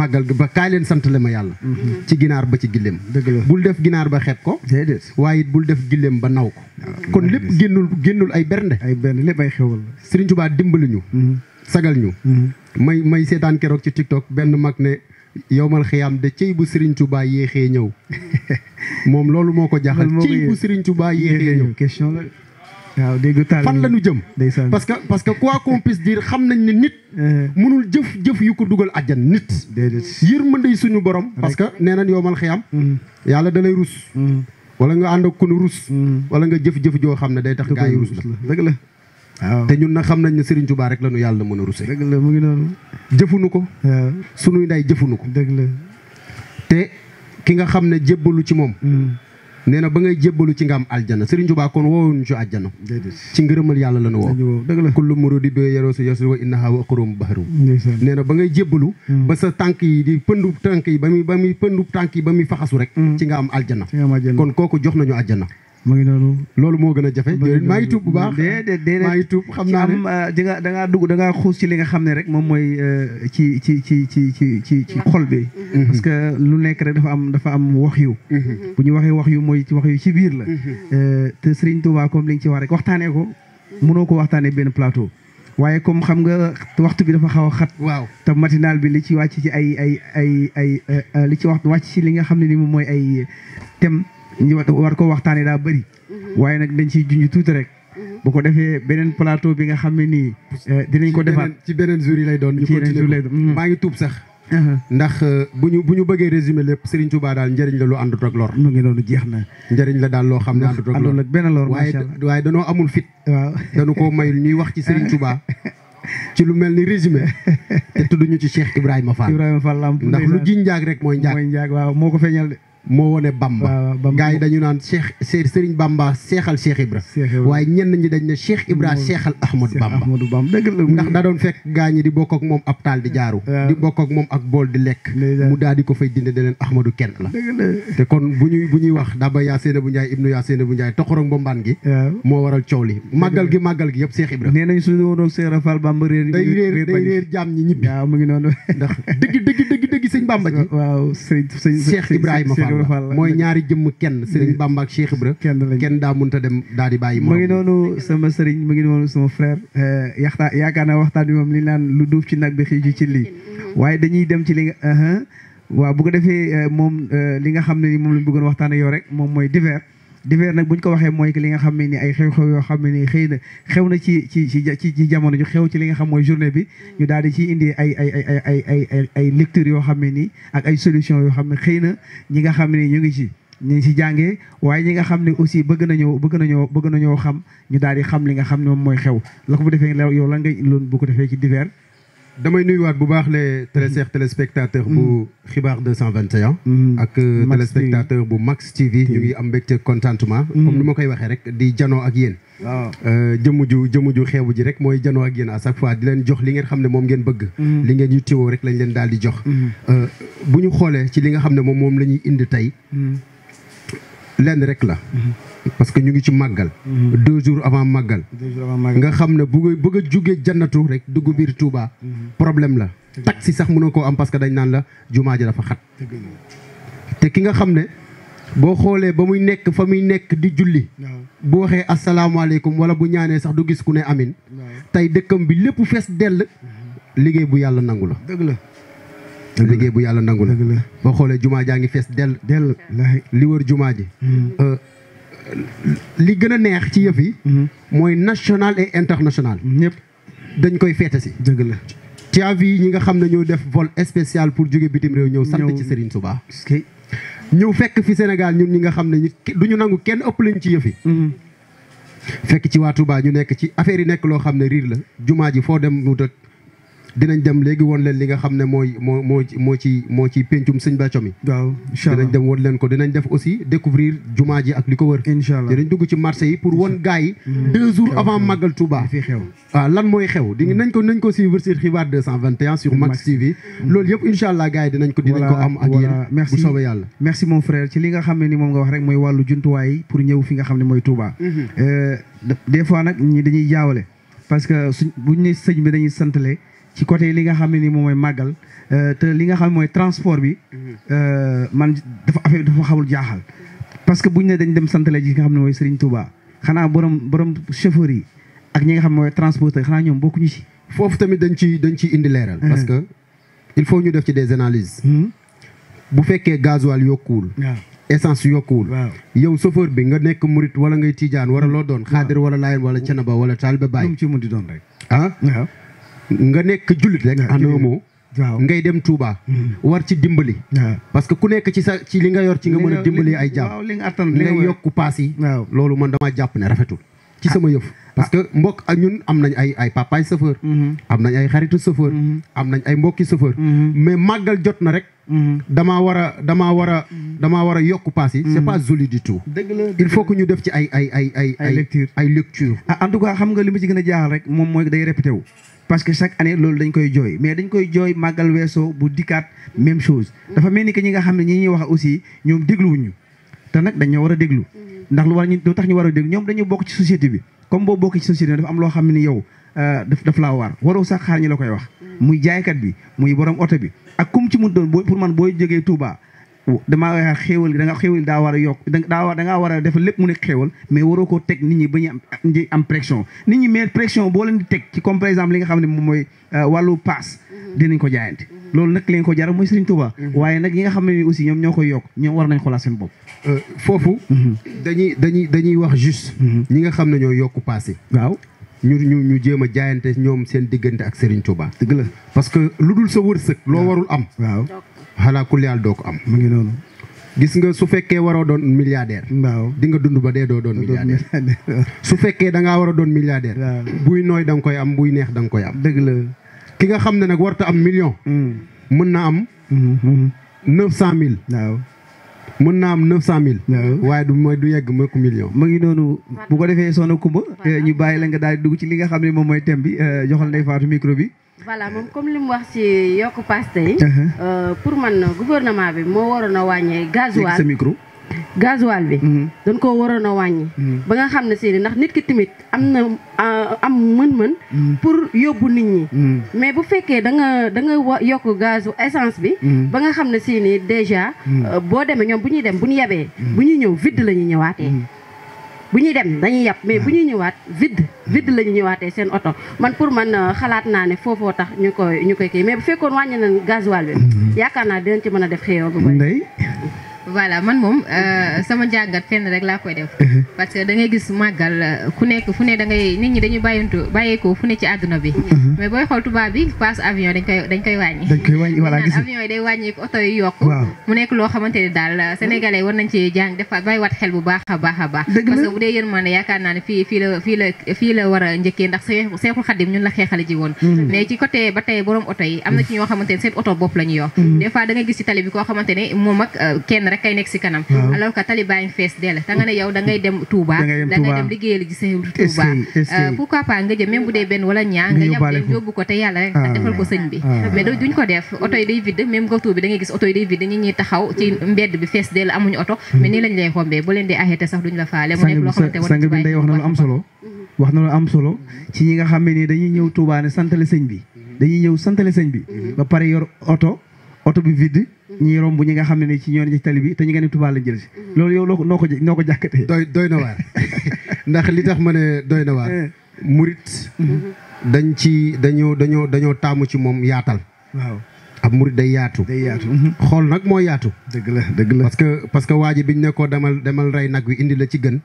màggal gi ba kaay leen sant le ma yàlla mhm. ci ginaar ba ci gillem dëgg la bul def ginaar ba xeeb ko déedéet waaye it bul def gillem ba naw ko kon lépp génnul génnul ay bernde ay bernde lépp ay xewal Serigne Touba dimbali ñu mhm. sagal ñu mm-hmm. may may seetaan kérok ci tiktok ben mag ne yowmal khiyam de cey bu Serigne Touba yéexee ñew mom lolu moko jaxal cey bu Serigne Touba yéexee ñew question la waaw dégg taal fan la ñu jëm parce que parce que quoi qu'on puisse dire xam nañ nit eh. mënul jëf jëf yu ko dugal aljan nit yermande suñu borom parce que nee yowmal khiyam mm-hmm. yalla da lay rus mm-hmm. wala nga and ak ku nu rus wala nga jëf jëf jo xam day tax gaay la la te ñun na xam nañ ne Serigne Touba rek la yàlla mën a ruse dëgg ngi noonu. jëfunu ko. waaw sunuy nday jëfunu ko. dëgg la te ki nga xam ne jébbalu ci moom. Hmm. nee na ba ngay jébbalu ci nga am aljana Serigne Touba kon woowuñu ci aljana ci ngërëmal yàlla la nu woo dëgg la kullu murudi bi yaroosu yasu wa innaha wa aqrum bahrum nee na ba ngay jébbalu hmm. ba sa tànk yi di pëndu tànk yi ba muy ba muy pëndu tànk yi ba muy faxasu rek hmm. ci nga am aljana kon kooku jox nañu aljana mu ngi noonu loolu moo gën a jafe maa ngi tuub bu baax déedéet déedéet maa ngi tuub xam naa ne euh, dangaa da ngaa dugg da xuus ci li nga xam ne rek moom mooy euh, ci ci ci ci ci ci ci xol bi mm-hmm. parce que lu nekk rek dafa am dafa am wax yu mm-hmm. bu ñu waxee wax yu mooy ci wax yu ci biir la mm-hmm. euh, te Serigne Touba comme li nga ci wax rek waxtaanee ko mënoo ko waxtaanee benn plateau waaye comme xam nga waxtu bi dafa xaw a xat waaw te matinal bi li ci wàcc ci ay ay ay ay li ci wax wàcc ci li nga xam ne ni moom mooy ay thème ñu war ko waxtaanee daa bëri mhm. waaye nag dañ ciy junj tuuti rek mhm. bu ko defee beneen plateau bi nga xam ne nii eh, dinañ ko defaat ci beneen jour yi lay doon ñu lay doon mhm. maa ngi tuub sax uh-huh. ndax eh, bu ñu bu ñu bëggee résumé lépp Serigne Touba daal njariñ la lu àndut ak lor mu ngi noonu jeex na njëriñ la daal loo xam ne àndut ak lor ak benn lor waaye waaye danoo amul fit waaw dañu koo mayul ñuy wax ci Serigne Touba ci lu mel ni résumé te tudd ñu ci Cheikh Ibrahima Fall Ibrahima Fall ndax lu jiñ rek mooy njaag mooy waaw moo ko feeñal moo wone Bamba gaa yi dañu naan Cheikh Serigne Bamba seexal Cheikh Ibra waaye ñenn ñi dañ ne Cheikh Ibra seexal Ahmadou Bamba ndax da fekk gaa ñi di bokk ak moom ab taal di jaaru bokk ak moom ak bool di lekk mu daal di ko fay dinde ne leen Ahmadou kenn la te kon bu ñuy bu ñuy wax Daba yaa seena bu Njaay ibnu yaa seena bu Njaay toxorong ba mbaan gi moo waral coow li màggal gi màggal gi yëpp Cheikh Ibra nee nañ suñu woon ak Cheikh Rafal Bamba réer day réer ñi ñibbi waaw mu ngi noonu ndax dëgg sëñ Bamba ji waaw sëñ Cheikh Ibrahima Fall Fall mooy ñaari jëmm kenn Serigne Bamba ak Cheikh Ibra kenn daa munta dem daa di bàyyi mu ngi noonu sama Serigne mu ngi noonu sama frère eh, yaxtaa yaakaar naa waxtaan bi moom li naan lu duuf ci nag bi xii ci lii waaye dañuy dem ci li nga uh-huh. waaw bu ko defee eh, moom eh, li nga xam ne ni moom lañ bëggoon waxtaan ak yow rek moom mooy divers divers nag bu ñu ko waxee mooy li nga xam ne ni ay xew-xew yoo xam ne ni xëy na xew na ci ci ci ci jamono ñu xew ci li nga xam mooy journée bi mm. ñu daal di ci indi ay ay ay ay ay ay lecture yoo xam ne nii ak ay solution yoo xam ne xëy na ñi nga xam ne ñu ngi ci ñu ngi ci jànge waaye ñi nga xam ne aussi bëgg na ñëw bëgg na ñëw bëgg na ñëw xam ñu daal di xam li nga xam ne moom mooy xew la ko bu defee yow la nga loon bu ko defee ci divers damay nuyuwaat bu baax les très chers téléspectateurs bu xibaar 221. Mm-hmm. ak mm-hmm. Euh, téléspectateur bu Max TV. ñu ngi am mbégte contentement. moom mm-hmm. ni ma koy waxee rek di janoo ak yéen. waaw euh, jëmm ju jëmm ju xeebu ji rek mooy janoo ak yéen à chaque fois di leen jox li ngeen xam ne moom ngeen bëgg. li ngeen yittewoo rek lañ leen daal di jox. Euh, bu ñu xoolee ci li nga xam ne moom moom la ñuy indi tey. lenn rek la. parce que ñu ngi ci mm-hmm. màggal. deux jours avant màggal. nga xam ne bu bëgg a jugee jannatu rek dugg biir Touba. Mm-hmm. problème la taxi sax mënoo koo am parce que dañ naan la jumaa ji dafa xat. te ki nga xam ne boo xoolee ba muy nekk fa muy nekk di julli. bu waxee asalaamaaleykum wala bu ñaanee sax du gis ku ne amin. tey dëkkam bi lépp fees dell. Mm-hmm. liggéey bu yàlla nangu la. dëgg la. liggéey bu yàlla nangu la. boo xoolee jumaa jaa ngi fees dell. dell li wër jumaa ji. Euh, li gën a neex ci yëf yi. Mhm. mooy national et international. ñëpp mhm, dañ koy feete si. dëgg la ci avis ñi nga xam ne ñoo def vol spécial pour jóge bitim réew ñëw sant ci Serigne Touba. ñëw fekk fi Sénégal ñun ñi nga xam ne ñu du nangu kenn ëpp lañ ci yëfi mhm. fekk ci waa Touba ñu nekk ci affaire yi nekk loo xam ne riir la jumaa ji foo dem mu dëkk. dinañ dem légui won len li nga xamné moy mo mo moo ci mo ci pentum seigne ba mi waaw inshallah dinañ dem won len ko dinañ def aussi découvrir jumaa ji ak liko wër inshallah allah dinañ dugg ci marché yi pour won gaay yi hmm. deux jours avant magal Touba fi xew waaw ah, lan moy xew di hmm. nañ ko nañ ko suivre sur Xibaar 221 sur Max TV hmm. loolu yëpp inshallah gaay gars dinañ ko dinañ ko am ak yéen bu soobee yalla merci mon frère ci li nga xamné ne ni moom nga wax rek moy walu juntuwaay pour ñew fi nga xamné moy touba euh des fois nak ñi dañuy jaawale parce que buñ ne sëñ bi dañuy santalé ci côté li nga xam ne ni moom mooy màggal euh, te li nga xam mooy transport bi euh, man dafa affaire dafa xawul jaaxal parce que bu ñu ne dañ dem santale ji nga xam ne mooy Serigne Touba xanaa borom borom chauffeur yi ak ñi nga xam ne mooy transporteur xanaa ñoom ñu ci. foofu tamit dañ ci dañ ciy indi leeral. parce que il faut ñu def ci des analyses. Hmm. bu fekkee gasoil yokkuwul. essence yokkuwul. yow chauffeur bi nga nekk murit wala ngay tiijaan wala loo doon. xaadir wala laayeen wala canaba wala taalibe baay. ci mu di doon rek ah? nga nekk jullit rek en un mot waaw ngay dem Touba. Hmm. war ci dimbali. parce que ku nekk ci sa ci li nga yor ci nga mën a dimbali ay jàmm. waaw li nga attan ngay yokk paas yi. loolu man dama jàpp ne rafetu ci ah. sama yëf parce que mbokk ak ñun am nañ ay ay papaay chauffeur. Hmm. am nañ ay xaritu chauffeur. Hmm. am nañ ay mbokki chauffeur. mais màggal jot na rek. damaa war a damaa war a damaa war a yokk paas yi. c'est pas joli du tout. dëgg la il faut ñu def ci ay ay ay ay ay. ay lecture ay ah, lecture. tout cas xam nga li ma ci gën a jaaxal rek moom mooy day répété wu. parce que chaque année loolu dañ koy jooy mais dañ koy jooy màggal weesoo bu dikkaat même chose dafa mel ni que ñi nga xam ne ñi ñuy wax aussi ñoom dégluwuñu te nag dañoo war a déglu ndax lu war ñu tax ñu war a déglu ñoom dañu bokk ci société bi comme boo bokk ci société bi dafa am loo xam ni yow euh, daf daf laa war waroo sax xaar ñu la koy wax muy jaaykat bi muy borom oto bi ak kum ci mun doon boo pour man booy jógee Touba damaa wax xéewal gi da nga xéewal daa war a yokk daa war da ngaa war a def lépp mu nekk xéewal mais waroo koo teg nit ñi ba ñu am am nit ñi mais pression boo leen teg ci comme par exemple li nga xam ne moom mooy euh, mhm. ko jaayante loolu nag leen ko jaral mooy Serigne Touba mhm. waaye nag yi nga xam ne aussi ñoom ñoo koy yokk ñoom war nañ xoolaat seen bopp euh, foofu mhm. dañuy dañuy dañuy wax juste ñi nga xam ne ñoo yokku passé waaw ñu ñu ñu jéem a jaayante ñoom seen diggante ak Serigne Touba dëgg la parce que lu dul sa wërsëg loo warul am waaw xalaa ku leyal doo ko am. mu ngi noonu. gis nga su fekkee waroo doon milliardaire. waaw di nga dund ba dee doo doon milliardaire. su fekkee da ngaa doon milliardaire. buy nooy da nga koy am buy neex da koy am. dëgg la ki nga xam ne nag warta am million. Mm. Mm-hmm, mm-hmm. mën na am. neuf cent mille. waaw mën naa am neuf cent mille. waaye du mooy du yegg mooy ko million. mu ngi noonu bu ko defee soxna Kumba eh, ñu bàyyi la nga daal di dugg ci li nga xam ne moom mooy thème bi eh, joxal Ndeye Fatou micro bi. voilà moom comme li mu wax ci yokk paste yi. Uh-huh. Euh, pour man gouvernement bi moo waroon a wàññee gasoil. sa micro. gasoil bi. Mm-hmm. dañ koo waroon a wàññi. Mm-hmm. ba nga xam ne si ndax nit ki tamit am na euh, am mën-mën. Mm-hmm. pour yóbbu nit ñi. mais bu fekkee da nga da nga yokk gazu essence bi. ba nga xam ne si ni déjà. Euh, boo demee ñoom bu ñuy dem bu ñu yebee. bu ñuy ñëw vide la ñuy ñëwaatee. bu ñuy dem dañuy yàpp mais bu ñu ñëwaat vide vide la ñu ñëwaatee seen oto man pour man euh, xalaat naa ne foofoo tax ñu koy ñu koy kii mais bu fekkoon wàññi nañ gasoil bi mm-hmm. yaakaar naa dinañ ci mën a def xëyoo bu bëri voilà man moom euh, sama jàngat fenn rek laa koy def. Mhm. parce que gis màggal euh, ku nekk fu ne da ngay nit ñi dañuy bàyyantu bàyyeekoo fu ne ci àdduna bi. Mhm. mais booy xool tubaab bi passe avion dañ koy dañ koy wàññi. dañ koy wàññi voilà loo xamante ne daal euh, sénégalais war nañ ci jàng defaat bàyyiwaat xel bu baax a baax a baax. parce que bu dee yërmande yaakaar naa ne fii fii la fii la fii la a njëkkee ndax seexul xadim ñun la xeexale ji woon. Mhm. mais ci côté ba tey borom oto yi am na ci ñoo xamante ne seen oto bopp la ñu yor. des fois da ngay gis ci tali bi koo xamante ne moom ak kenn rek kay nekk si kanam hmm. alors que taliba yi fees dell da nga ne yow da ngay dem Touba da ngay dem liggéeyal ji sa xew Touba euh, pourquoi pas nga jëm même bu dee benn wala ñaar nga jàpp leen ko te yàlla rek ah. defal ko sëñ bi ah. mais duñ ko def oto yi day vide même nga tuub bi gis oto yi day vide ñi ñuy taxaw ci mbedd bi fees dell amuñu oto hmm. mais nii lañ lay xombee bu leen di arrêté sax duñ la faale mu nekk loo xamante war hmm. wax na lu am solo ci ñi ba ñii romb ñi nga xam ne ni ci ñoon ci tali bi te ñu nga ne Touba si mm-hmm. loolu yow noo ko noo ko jàkkatee doy doy na waar ndax li tax ma ne doy na waar eh. murit mm-hmm. dañ ci dañoo dañoo dañoo taamu ci moom yaatal waaw ab murit day yaatu day yaatu mm-hmm. xool nag moo yaatu dëgg la dëgg la parce que parce que waa ji biñ ne demal demal rey nag wi indi la ci gën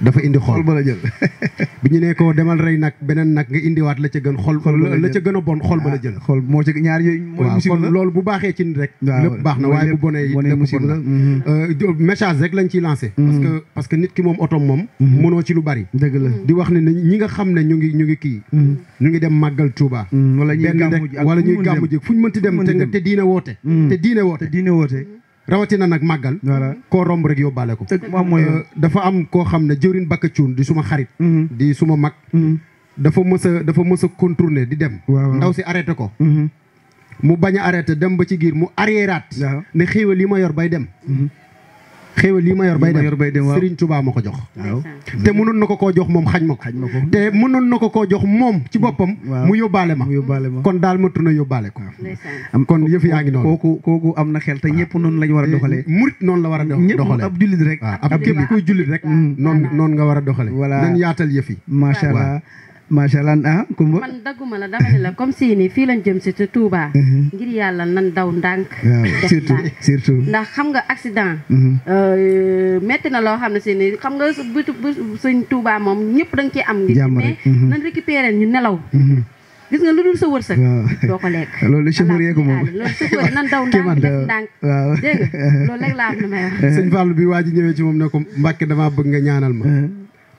dafa indi xol ba la jël bi ñu ne ko demal rey nag beneen nag nga indiwaat la ca gën xol la ca gën a bon xol ba la ah, jël xol moo ci ñaar yooyu mooy musiba la loolu bu baaxee ci nit rek lépp baax na waaye bu bonee lépp mm-hmm. euh, message rek lañ ciy lancé mm-hmm. parce que parce que nit ki moom otom moom mm-hmm. mënoo ci lu bari dëgg la di wax ne ñi nga xam ne ñu ngi ñu ngi kii ñu ngi dem màggal Touba wala ñuy gàmmu ji fu ñu mënti dem te diine woote te diine woote rawatina nag màggal. voilà koo romb rek yóbbaale ko. Euh, dafa am koo xam ne jëwrin bakka cuun di suma xarit. Mm-hmm. di suma mag. Mm-hmm. dafa mës a dafa mës a contourner di dem. ndaw si arrêté ko. Mm-hmm. mu bañ a arrêté dem ba ci giir mu arriéraat. ne xéewal yi ma yor bay dem. xéewal yi ma yor bay dem Serigne Touba ma ko jox ah, ah. te mënoon na ko koo jox moom xañ ma ko te mënoon na ko koo jox moom ci mm. boppam mu yóbbaale ma kon daal ma tuna yóbbaale ko kon yëf yaa ngi noonu kooku kooku am na xel te ñëpp noonu lañ war a eh, doxalee murit noonu la war a doxalee ab jullit rek ab képp kuy jullit rek noonu noonu nga war a doxalee nañ yaatal yëf yi macha allah macha allah ah Kumba. man dagguma la dama ne la comme si fii lañ jëm si te Touba. Uh-huh. ngir yàlla nan daw ndànk. waaw surtout surtout ndax xam nga accident. Uh-huh. Euh, métti na loo xam ne si ni xam nga bitu sëñ Touba moom ñëpp da ci am. jàmm rek uh-huh. nelaw. gis nga lu dul sa wërsëg. doo ko lekk. loolu chauffeur yeeg moom loolu chauffeur nan daw ndànk ndànk. loolu rek laa am lu may wax. sëñ Fallou bi waa ji ñëwee ci moom ne ko Mbacke damaa bëgg nga ñaanal ma.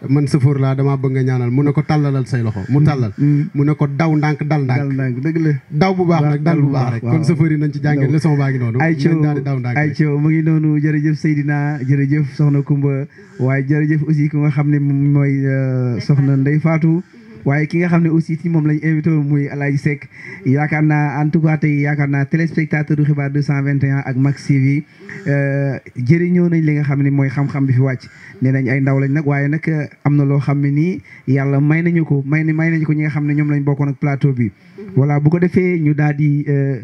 man sëfoor laa damaa bëgg nga ñaanal mu ne ko tàllalal say loxo mu tàllal mm. Mm. mu ne ko daw ndànk dal ndànk dëgg la daw bu baax nag dal bu baax rek kon sëfoor yi nañ ci jàngee leçon baa ngi noonu ay coow daal di daw ndànk ay coow mu ngi noonu jërëjëf Seydina jërëjëf soxna Kumba waaye jërëjëf aussi ko nga xam ne mooy euh, soxna Ndey faatu waaye ki nga xam ne aussi ci moom lañu invité woon muy Alaaji Seck yaakaar naa en tout cas tey yaakaar naa téléspectateur du xibaar 221 ak Max TV euh, jëriñoo nañ li nga xam ne mooy xam-xam bi fi wàcc nee nañ ay ndaw lañ nag waaye nag euh, am na loo xam ne nii yàlla may nañu ko may may nañu ko ñi nga xam ne ñoom lañ bokkoon ak plateau bi voilà bu ko defee ñu daal di euh,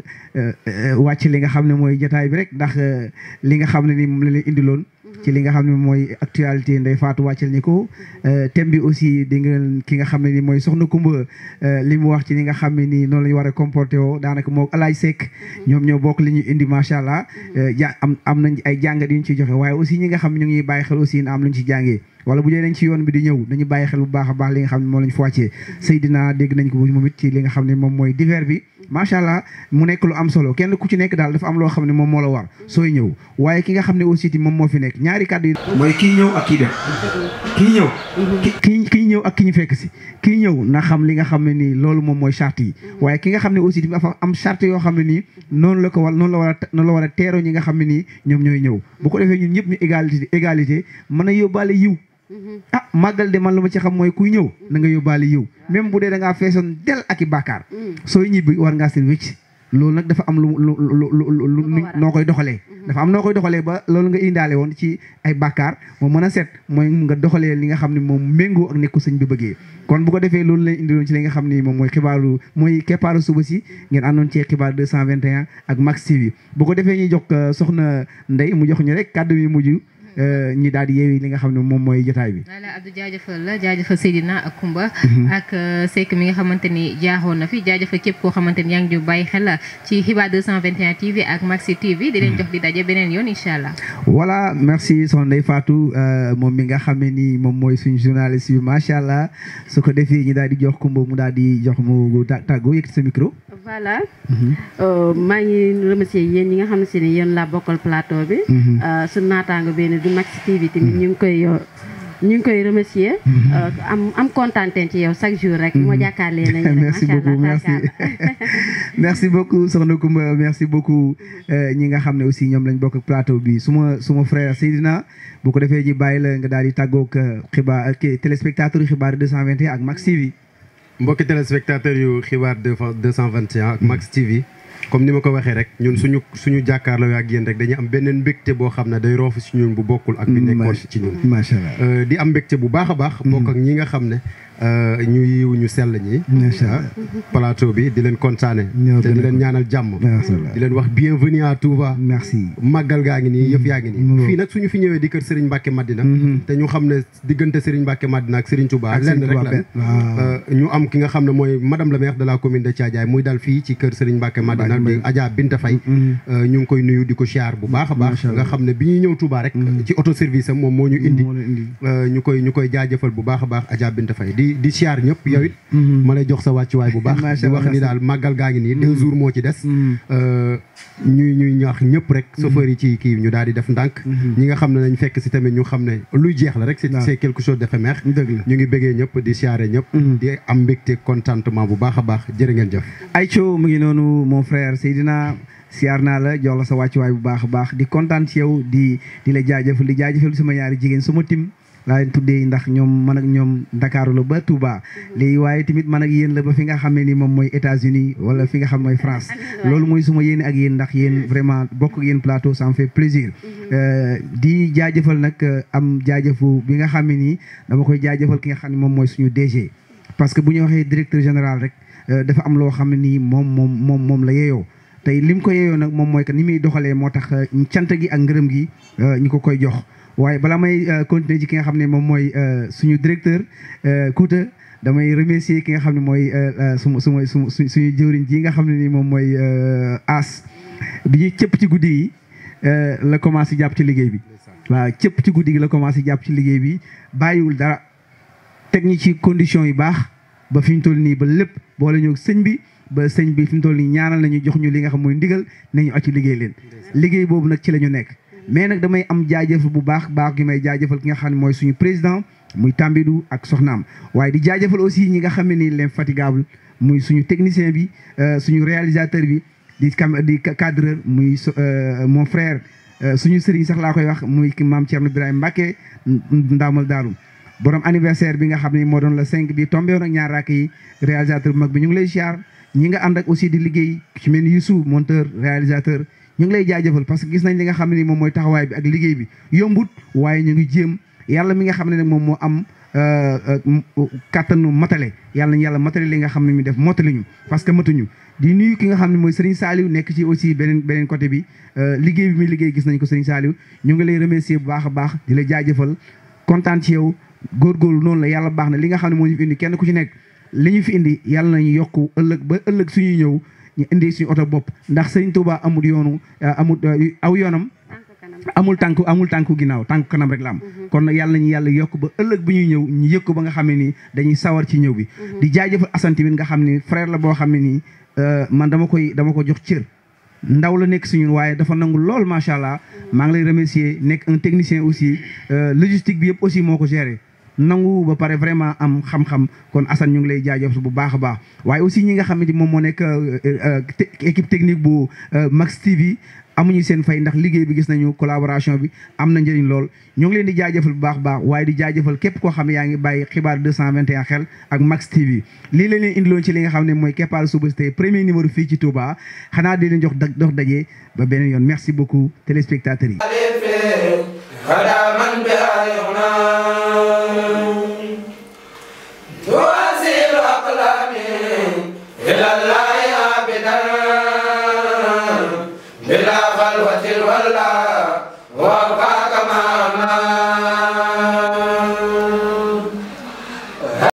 wàcc li nga xam ne mooy jataay bi rek ndax li nga xam ne nii moom la leen indiloon ci li nga xam ne mooy actualité Ndeye Fatou wàccal ñi ko euh, thème bi aussi di ngeen ki nga xam ne ni mooy soxna Kumba euh, li mu wax ci li nga xam ne nii noonu la ñu war a comporté woo daanaka moo alaaj Seck ñoom ñoo bokk li ñu indi macha allah euh, ja am am nañ ay jàngat yu ñu ci joxe waaye aussi ñi nga xam ne ñu ngi bàyyi xel aussi na am lu ci jànge wala bu dee dañ ci yoon bi di ñëw nañu bàyyi xel bu baax a baax li nga xam ne moom lañ fa wàccee Seydina dégg nañ ko moom it ci li nga xam ne moom mooy divers bi macha allah mu nekk lu am solo kenn ku ci nekk daal dafa am loo xam ne moom moo la war sooy ñëw waaye ki nga xam ne aussi ti moom moo fi nekk ñaari kàddu yi mooy kii ñëw ak kii kii ñëw ak ki ñu fekk si kii ñëw na xam li nga xam ne nii loolu moom mooy charte yi waaye ki nga xam ne aussi dafa am charte yoo xam ne nii noonu la ko war noonu la a noonu la war a ñi nga xam ne nii ñoom ñooy ñëw bu ko defee ñun ñëpp ñu égalité égalité mën a yóbbaale yiw ah màggal de man lu ma ci xam mooy kuy ñëw na nga yóbbaale yiw même bu dee da ngaa feesoon del ak i bàkkaar sooy ñibbi war ngaa seen wécc loolu nag dafa am lu lu lu noo koy doxalee mhm. dafa am noo koy doxalee ba loolu nga indaale woon ci ay bàkkaar moo mën a seet mooy nga doxalee li nga xam ne moom méngoo ak nekku sëñ bi bëggee kon bu ko defee loolu lañ indiloon ci li nga xam ni moom mooy xibaaru mooy keppaaru suba si ngeen àndoon ci xibaar 221 ak Max TV bu ko defee ñu jox euh, soxna Ndey mu jox ñu rek kàddu yi Euh, ñi daal di yeewi li nga xam ne moom mooy jotaay bi. voilà Abdou jaajëfal la jaajëfal Seydina ak Kumba. Mhm. ak euh, Seck mi nga xamante ni jaaxoon na fi jaajëfal képp koo xamante ni yaa ngi ñu bàyyi xel ci Xibaar 221 TV ak Maxi TV di leen mhm. jox euh, moom mi nga xam ni moom mooy suñu journaliste yu macha allah su ko defee ñu daal di jox Kumba mu daal di jox mu tàggoo yëkkati sa micro. voilà mhm. maa ngi remercier yéen ñi nga xam ne yéen laa bokkal plateau bi. su naataango benn di Max TV tamit mm-hmm. ñu ngi koy ñu ngi koy remercier mm-hmm. euh, am am contenté ci yow chaque jour rek. moo mm-hmm. jàkkaarloo nañu rek macha allah merci beaucoup merci. merci beaucoup soxna Koumba merci beaucoup euh, ñi nga xam ne aussi ñoom lañ bokk plateau bi suma suma frère Seydina bu ko defee ñu bàyyi la nga daal di tàggoog euh, xibaar téléspectateur xibaar 221 ak Max TV. mbokki téléspectateur yu xibaar 221 ak Max TV. comme ni ma ko waxee rek ñun suñu suñu jàkkaarloo ak yéen rek dañuy am beneen mbégte boo xam ne day roofu si ñun bu bokkul ak bi nekkoon ci ñun macha allah euh, di am mbégte bu baax a baax bokk ak mm-hmm. ñi nga xam ne Euh, ñu yiw ñu sell ñi ah, plateau bi di leen kontaane te di leen ñaanal jàmm di leen wax bienvenue à Touba merci màggal gaa ngi nii yëf yaa ngi nii fii nag suñu fi ñëwee di kër Serigne Mbacke Madina mm-hmm. te ñu xam ne diggante Serigne Mbacke Madina ak Serigne Touba lenn rek euh, ñu am ki nga xam ne mooy madame la maire de la commune de Thiadiaye muy dal fii ci kër Serigne Mbacke Madina di Adja Binta Faye mm-hmm. euh, ñu ngi koy nuyu di ko siyaar bu baax a baax nga xam ne bi ñuy ñëw Touba rek mm-hmm. ci auto service am moom moo ñu indi ñu koy ñu koy jaajëfal bu baax a baax Adja Binta Faye di di siyaar ñëpp yow it mm-hmm. ma lay jox sa wàccuwaay bu baax di mm-hmm. ci des mm-hmm. euh, ñuy ñu daal di def ndànk ñi nga xam ne nañ fekk si tamit ñu xam ne luy jeex la rek c'est quelque chose ñu ngi bëggee ñëpp di siyaare ñëpp di am mbégte contentement bu baax a baax jërë ngeen jëf Aïcho mu ngi noonu mon frère Seydina siyaar naa la jox la sa wàccuwaay bu baax a baax di kontaan ci yow di di di jaajëfal sama ñaari jigéen sama tim laa tuddee ndax ñoom man ak ñoom Dakar ba tubaa léegi waaye tamit man ak yéen la ba fi nga xam ne ni moom mooy États-Unis wala fi nga xam mooy France loolu mooy suma yéene ak yéen ndax yéen vraiment bokk yéen plateau ça me fait euh, di jaajëfal nag euh, am jaajëfu bi nga xam ne nii dama koy jaajëfal ki nga xam ne moom mooy suñu DG parce que bu ñu waxee directeur général rek euh, dafa am loo xam ne nii moom moom moom moom la yeeyoo tey lim ko yeeyoo nag moom mooy que ni muy doxalee moo tax cant gi ak ngërëm gi ñu ko koy jox waaye balaa may euh, continuer ci ki nga xam ne moom mooy euh, suñu directeur euh, Kouta damay remercier ki nga xam ne mooy suma suma su suñu jëwriñ ji nga xam ne ni moom mooy As bi ñuy cëpp ci guddi yi la commence jàpp ci liggéey bi waaw cëpp ci guddi gi la commencé jàpp ci liggéey bi bàyyiwul dara teg ñi ci condition yu baax ba fi ñu toll nii ba lépp boole ñëw sëñ bi ba sëñ bi fi mu toll nii ñaanal nañu jox ñu li nga xam mooy ndigal nañu acci liggéey leen liggéey boobu nag ci la ñu nekk mais nag damay am jaajëf bu baax baax gi may jaajëfal ki nga xam ne mooy suñu président muy Tambidou ak soxnaam waaye di jaajëfal aussi ñi nga xam ne nii l'infatigable muy suñu technicien bi euh, suñu réalisateur bi di cam di cadreur muy euh, mon frère euh, suñu sëriñ sax laa koy wax muy kii maam Thierno Ibrahima Mbacke ndaamal daaru borom anniversaire bi nga xam ne moo doon la cinq bi tombé woon ak ñaar rakk yi réalisateur bu mag bi ñu ngi lay ziar ñi nga ànd ak aussi di liggéey ci mel ni monteur réalisateur ñu ngi lay jaajëfal parce que gis nañ li nga xam ni moom mooy taxawaay bi ak liggéey bi yombut waaye ñu ngi jéem yàlla mi nga xam ne nag moom moo am euh, euh, kàttanu matale yàlla nañ yàlla matale li nga xam ne mi def mottali ñu parce que matuñu di nuyu ki nga xam ne mooy Serigne Saliou nekk ci aussi beneen beneen côté bi euh, liggéey bi muy liggéey gis nañ ko Serigne Saliou ñu ngi lay remercier bu baax a di la jaajëfal kontaan ci yow góorgóorlu noonu la yàlla baax na li nga xam ne moo ñu fi indi kenn ku ci nekk li ñu fi indi yàlla nañu yokk ëllëg ba ëllëg suñuy ñëw ñu indi suñu oto bopp ndax Sëriñ Tuuba amul yoonu euh, amul euh, aw yoonam amul tànk amul tànku ginnaaw tànk kanam rek la am mhm. kon nag yàlla nañu yàlla yokk ba ëllëg bu ñuy ñëw ñu yëg ba nga xam ne nii dañuy sawar ci ñëw bi mhm. di jaajëfal Assane tamit nga xam ne frère la boo xam ne nii euh, man dama koy dama ko jox cër ndaw la nekk suñu waaye dafa nangu lool macha allah mhm. maa ngi lay remercier nekk un technicien aussi logistique bi yëpp aussi moo ko géré nangu ba pare vraiment am xam-xam kon Assane ñu ngi lay jaajëf bu baax a baax waaye aussi ñi nga xamante moom moo nekk euh, équipe technique bu euh, Max TV amuñu seen fay ndax liggéey bi gis nañu collaboration bi am na njëriñ lool ñoo ngi leen di jaajëfal bu baax baax waaye di jaajëfal képp koo xam ne yaa ngi bàyyi xibaar 221 xel ak Max TV lii leen leen indiloon ci li nga xam ne mooy Keparu Showbiz tey premier numéro fii ci Touba xanaa di leen jox dox daje ba beneen yoon merci beaucoup téléspectateurs yi